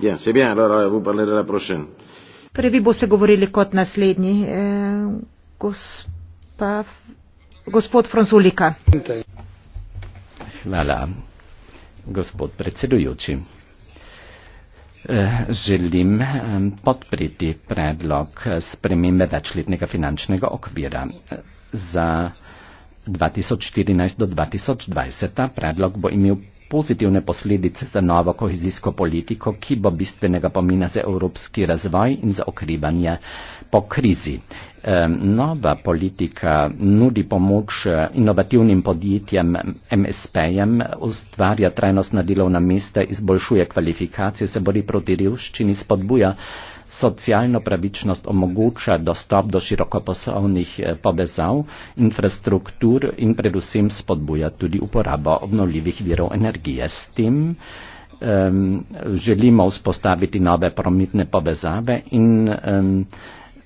Ja, se bien, allora euh, vous parlerez la prochaine. Prvi torej, boste govorili kot naslednji, eh, gospa, gospod Franzulika. Hvala, gospod predsedujoči. Eh, želim eh, podpreti predlog spremembe večletnega finančnega okvira eh, za 2014 do 2020. Ta predlog bo imel pozitivne posledice za novo kohezijsko politiko, ki bo bistvenega pomena za evropski razvoj in za okrivanje po krizi. Nova politika nudi pomoč eh, inovativnim podjetjem MSP-jem, ustvarja trajnostna delovna mesta, izboljšuje kvalifikacije, se bori proti revščini, spodbuja socialno pravičnost omogoča dostop do širokoposlovnih eh, povezav, infrastruktur in predvsem spodbuja tudi uporabo obnovljivih virov energije. S tem um, želimo vzpostaviti nove prometne povezave in um,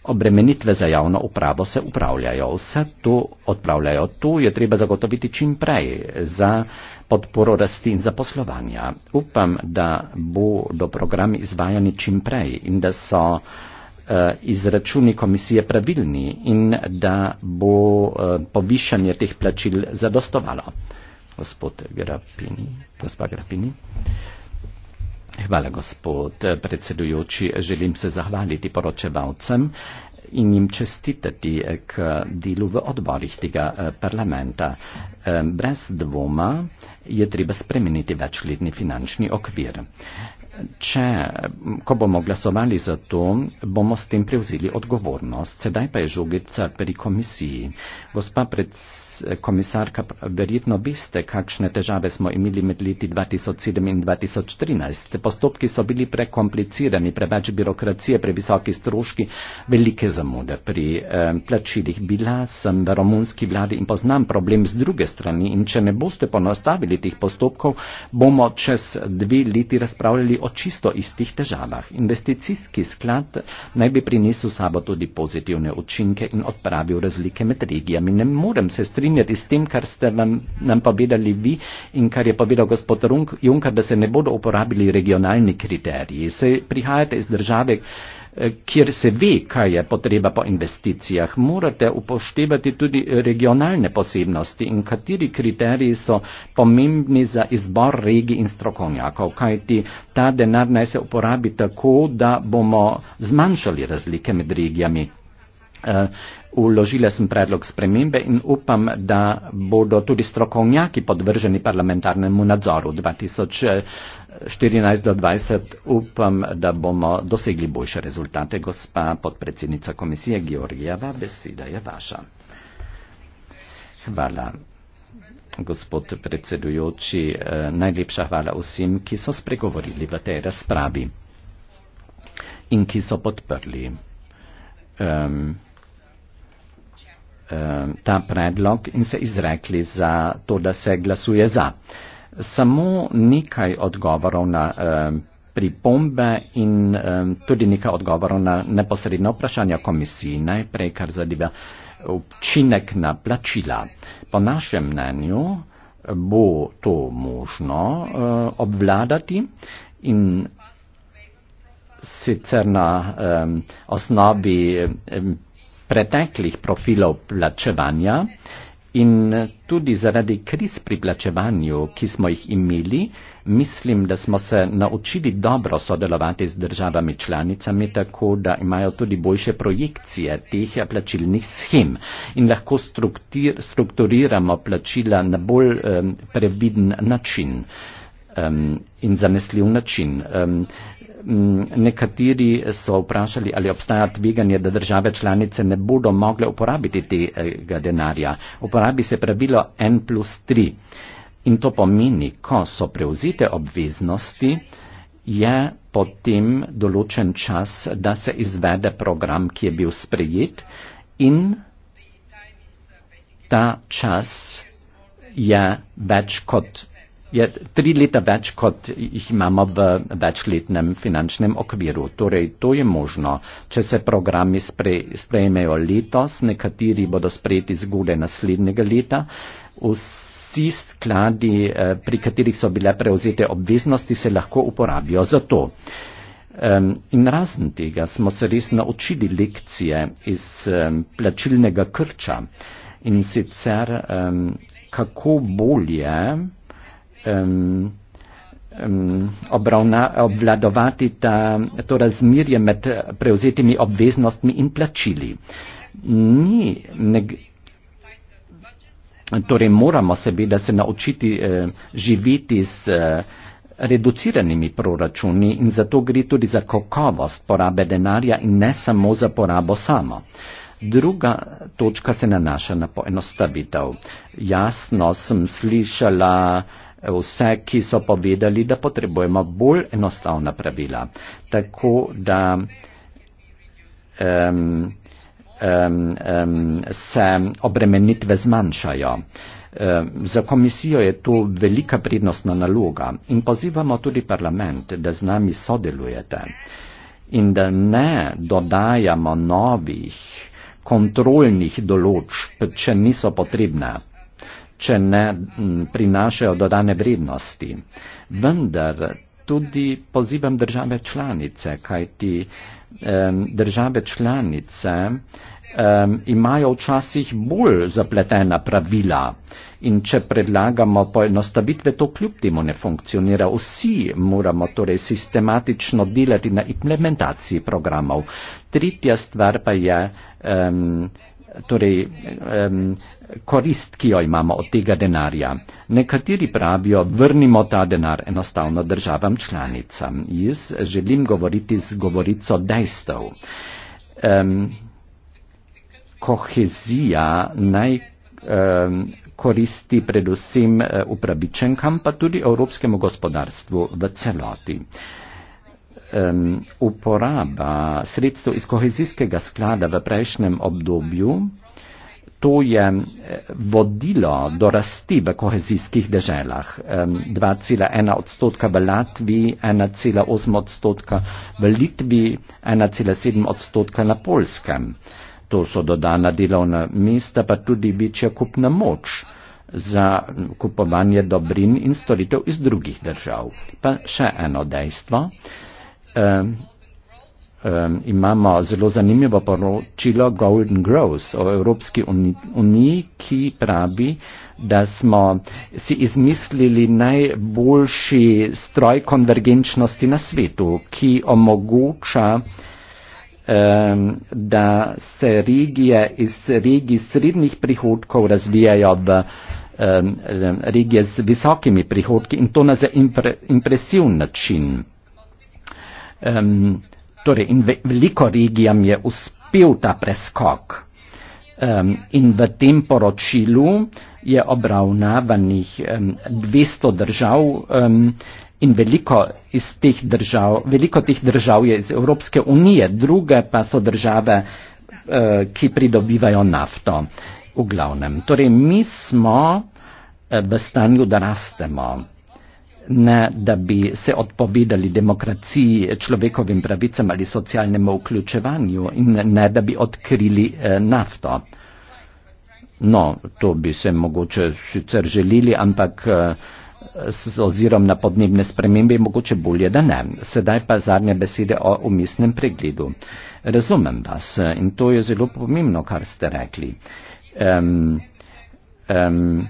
obremenitve za javno upravo se upravljajo. Vse to odpravljajo. Tu je treba zagotoviti čim prej. Za podporo rasti in zaposlovanja. Upam, da bodo programi izvajani čim prej in da so eh, izračuni komisije pravilni in da bo eh, povišanje teh plačil zadostovalo. Gospod Grapini, gospa Grapini. Hvala, gospod eh, predsedujoči. Želim se zahvaliti poročevalcem in jim čestitati eh, k delu v odborih tega eh, parlamenta. Eh, brez dvoma je treba spremeniti večletni finančni okvir. Če, ko bomo glasovali za to, bomo s tem prevzeli odgovornost. Sedaj pa je žogica pri komisiji. Gospa pred komisarka, verjetno veste, kakšne težave smo imeli med leti 2007 in 2013. Postopki so bili prekomplicirani, preveč birokracije, previsoki stroški, velike zamude pri eh, plačilih. Bila sem v romunski vladi in poznam problem z druge strani in če ne boste ponostavili tih postopkov, bomo čez dve leti razpravljali o čisto istih težavah. Investicijski sklad naj bi prinesel sabo tudi pozitivne učinke in odpravil razlike med regijami. Ne morem se strinjati s tem, kar ste nam, nam povedali vi in kar je povedal gospod Runk, Junker, da se ne bodo uporabili regionalni kriteriji. Se prihajate iz države, kjer se ve, kaj je potreba po investicijah, morate upoštevati tudi regionalne posebnosti in kateri kriteriji so pomembni za izbor regij in strokovnjakov, kajti ta denar naj se uporabi tako, da bomo zmanjšali razlike med regijami. Uh, vložile sem predlog spremembe in upam, da bodo tudi strokovnjaki podvrženi parlamentarnemu nadzoru 2014-2020. Upam, da bomo dosegli boljše rezultate. Gospa podpredsednica komisije Georgijeva, beseda je vaša. Hvala. Gospod predsedujoči, eh, najlepša hvala vsem, ki so spregovorili v tej razpravi in ki so podprli. Um, Eh, ta predlog in se izrekli za to, da se glasuje za. Samo nekaj odgovorov na eh, pripombe in eh, tudi nekaj odgovorov na neposredno vprašanje komisiji, najprej kar zadeva občinek na plačila. Po našem mnenju bo to možno obvladati in sicer na um, osnovi um, preteklih profilov plačevanja in tudi zaradi kriz pri plačevanju, ki smo jih imeli, mislim, da smo se naučili dobro sodelovati z državami članicami, tako da imajo tudi boljše projekcije teh plačilnih schem in lahko strukturiramo plačila na bolj um, previden način um, in zanesljiv način. Um, Mm, nekateri so vprašali, ali obstaja tveganje, da države članice ne bodo mogle uporabiti tega denarja. Uporabi se pravilo N plus 3 in to pomeni, ko so prevzite obveznosti, je potem določen čas, da se izvede program, ki je bil sprejet in ta čas je več kot Je tri leta več, kot jih imamo v večletnem finančnem okviru. Torej, to je možno. Če se programi sprejmejo letos, nekateri bodo sprejeti zgodaj naslednjega leta. Vsi skladi, eh, pri katerih so bile prevzete obveznosti, se lahko uporabijo za to. In razen tega smo se res naučili lekcije iz plačilnega krča in sicer kako bolje um, um, obravna, obvladovati ta, to razmirje med eh, prevzetimi obveznostmi in plačili. Ni, ne, torej moramo seveda se naučiti eh, živeti z eh, reduciranimi proračuni in zato gre tudi za kakovost porabe denarja in ne samo za porabo samo. Druga točka se nanaša na poenostavitev. Jasno sem slišala eh, vse, ki so povedali, da potrebujemo bolj enostavna pravila. Tako da um, um, um, se obremenitve zmanjšajo. Um, za komisijo je to velika prednostna naloga in pozivamo tudi parlament, da z nami sodelujete in da ne dodajamo novih kontrolnih določb, če niso potrebne če ne prinašajo dodane vrednosti. Vendar tudi pozivam države članice, kajti države članice imajo včasih bolj zapletena pravila in če predlagamo poenostavitve, to kljub temu ne funkcionira. Vsi moramo torej sistematično delati na implementaciji programov. Tretja stvar pa je torej, um, korist, ki jo imamo od tega denarja. Nekateri pravijo, vrnimo ta denar enostavno državam članicam. Jaz želim govoriti z govorico dejstev. Um, kohezija naj um, koristi predvsem eh, upravičenkam, pa tudi evropskemu gospodarstvu v celoti um, uporaba sredstev iz kohezijskega sklada v prejšnjem obdobju, to je eh, vodilo do rasti v kohezijskih deželah. Um, 2,1 odstotka v Latviji, 1,8 odstotka v Litvi, 1,7 odstotka na Polskem. To so dodana delovna mesta, pa tudi večja kupna moč za kupovanje dobrin in storitev iz drugih držav. Pa še eno dejstvo um, um, imamo zelo zanimivo poročilo Golden Growth o Evropski uniji, ki pravi, da smo si izmislili najboljši stroj konvergenčnosti na svetu, ki omogoča da se regije iz regij srednjih prihodkov razvijajo v regije z visokimi prihodki in to na za impresivni način um, torej in ve, veliko regijam je uspel ta preskok. Um, in v tem poročilu je obravnavanih um, 200 držav um, in veliko, teh držav, veliko teh držav je iz Evropske unije, druge pa so države, uh, ki pridobivajo nafto v glavnem. Torej mi smo uh, v stanju, da rastemo ne da bi se odpovedali demokraciji, človekovim pravicam ali socialnemu vključevanju in ne da bi odkrili eh, nafto. No, to bi se mogoče sicer želili, ampak eh, z ozirom na podnebne spremembe je mogoče bolje, da ne. Sedaj pa zadnje besede o umestnem pregledu. Razumem vas eh, in to je zelo pomembno, kar ste rekli. Um, um,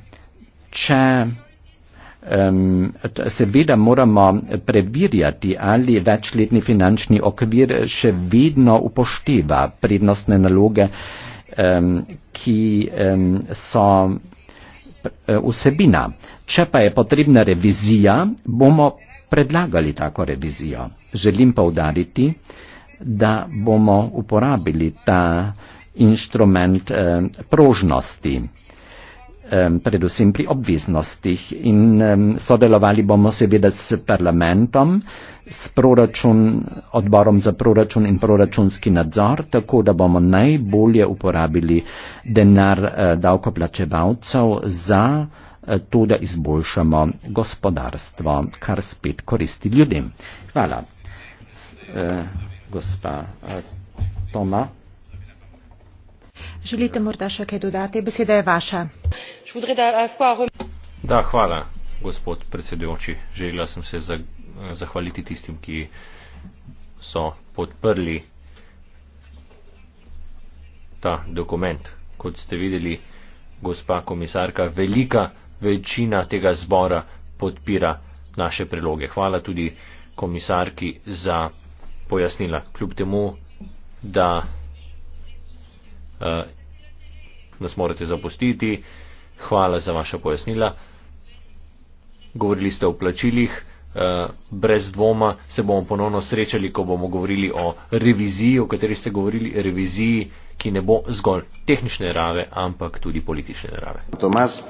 Um, seveda moramo preverjati, ali večletni finančni okvir še vedno upošteva prednostne naloge, um, ki um, so e, vsebina. Če pa je potrebna revizija, bomo predlagali tako revizijo. Želim pa udariti, da bomo uporabili ta inštrument um, prožnosti predvsem pri obveznostih in sodelovali bomo seveda s parlamentom, s proračun, odborom za proračun in proračunski nadzor, tako da bomo najbolje uporabili denar eh, davkoplačevalcev za eh, to, da izboljšamo gospodarstvo, kar spet koristi ljudem. Hvala. Eh, gospa Toma. Želite morda še kaj dodati? Beseda je vaša. Da, hvala, gospod predsedujoči. Želela sem se za, zahvaliti tistim, ki so podprli ta dokument. Kot ste videli, gospa komisarka, velika večina tega zbora podpira naše preloge. Hvala tudi komisarki za pojasnila. Kljub temu, da uh, nas morate zapustiti. Hvala za vaša pojasnila. Govorili ste o plačilih. Eh, brez dvoma se bomo ponovno srečali, ko bomo govorili o reviziji, o kateri ste govorili, reviziji, ki ne bo zgolj tehnične narave, ampak tudi politične narave. Tomas,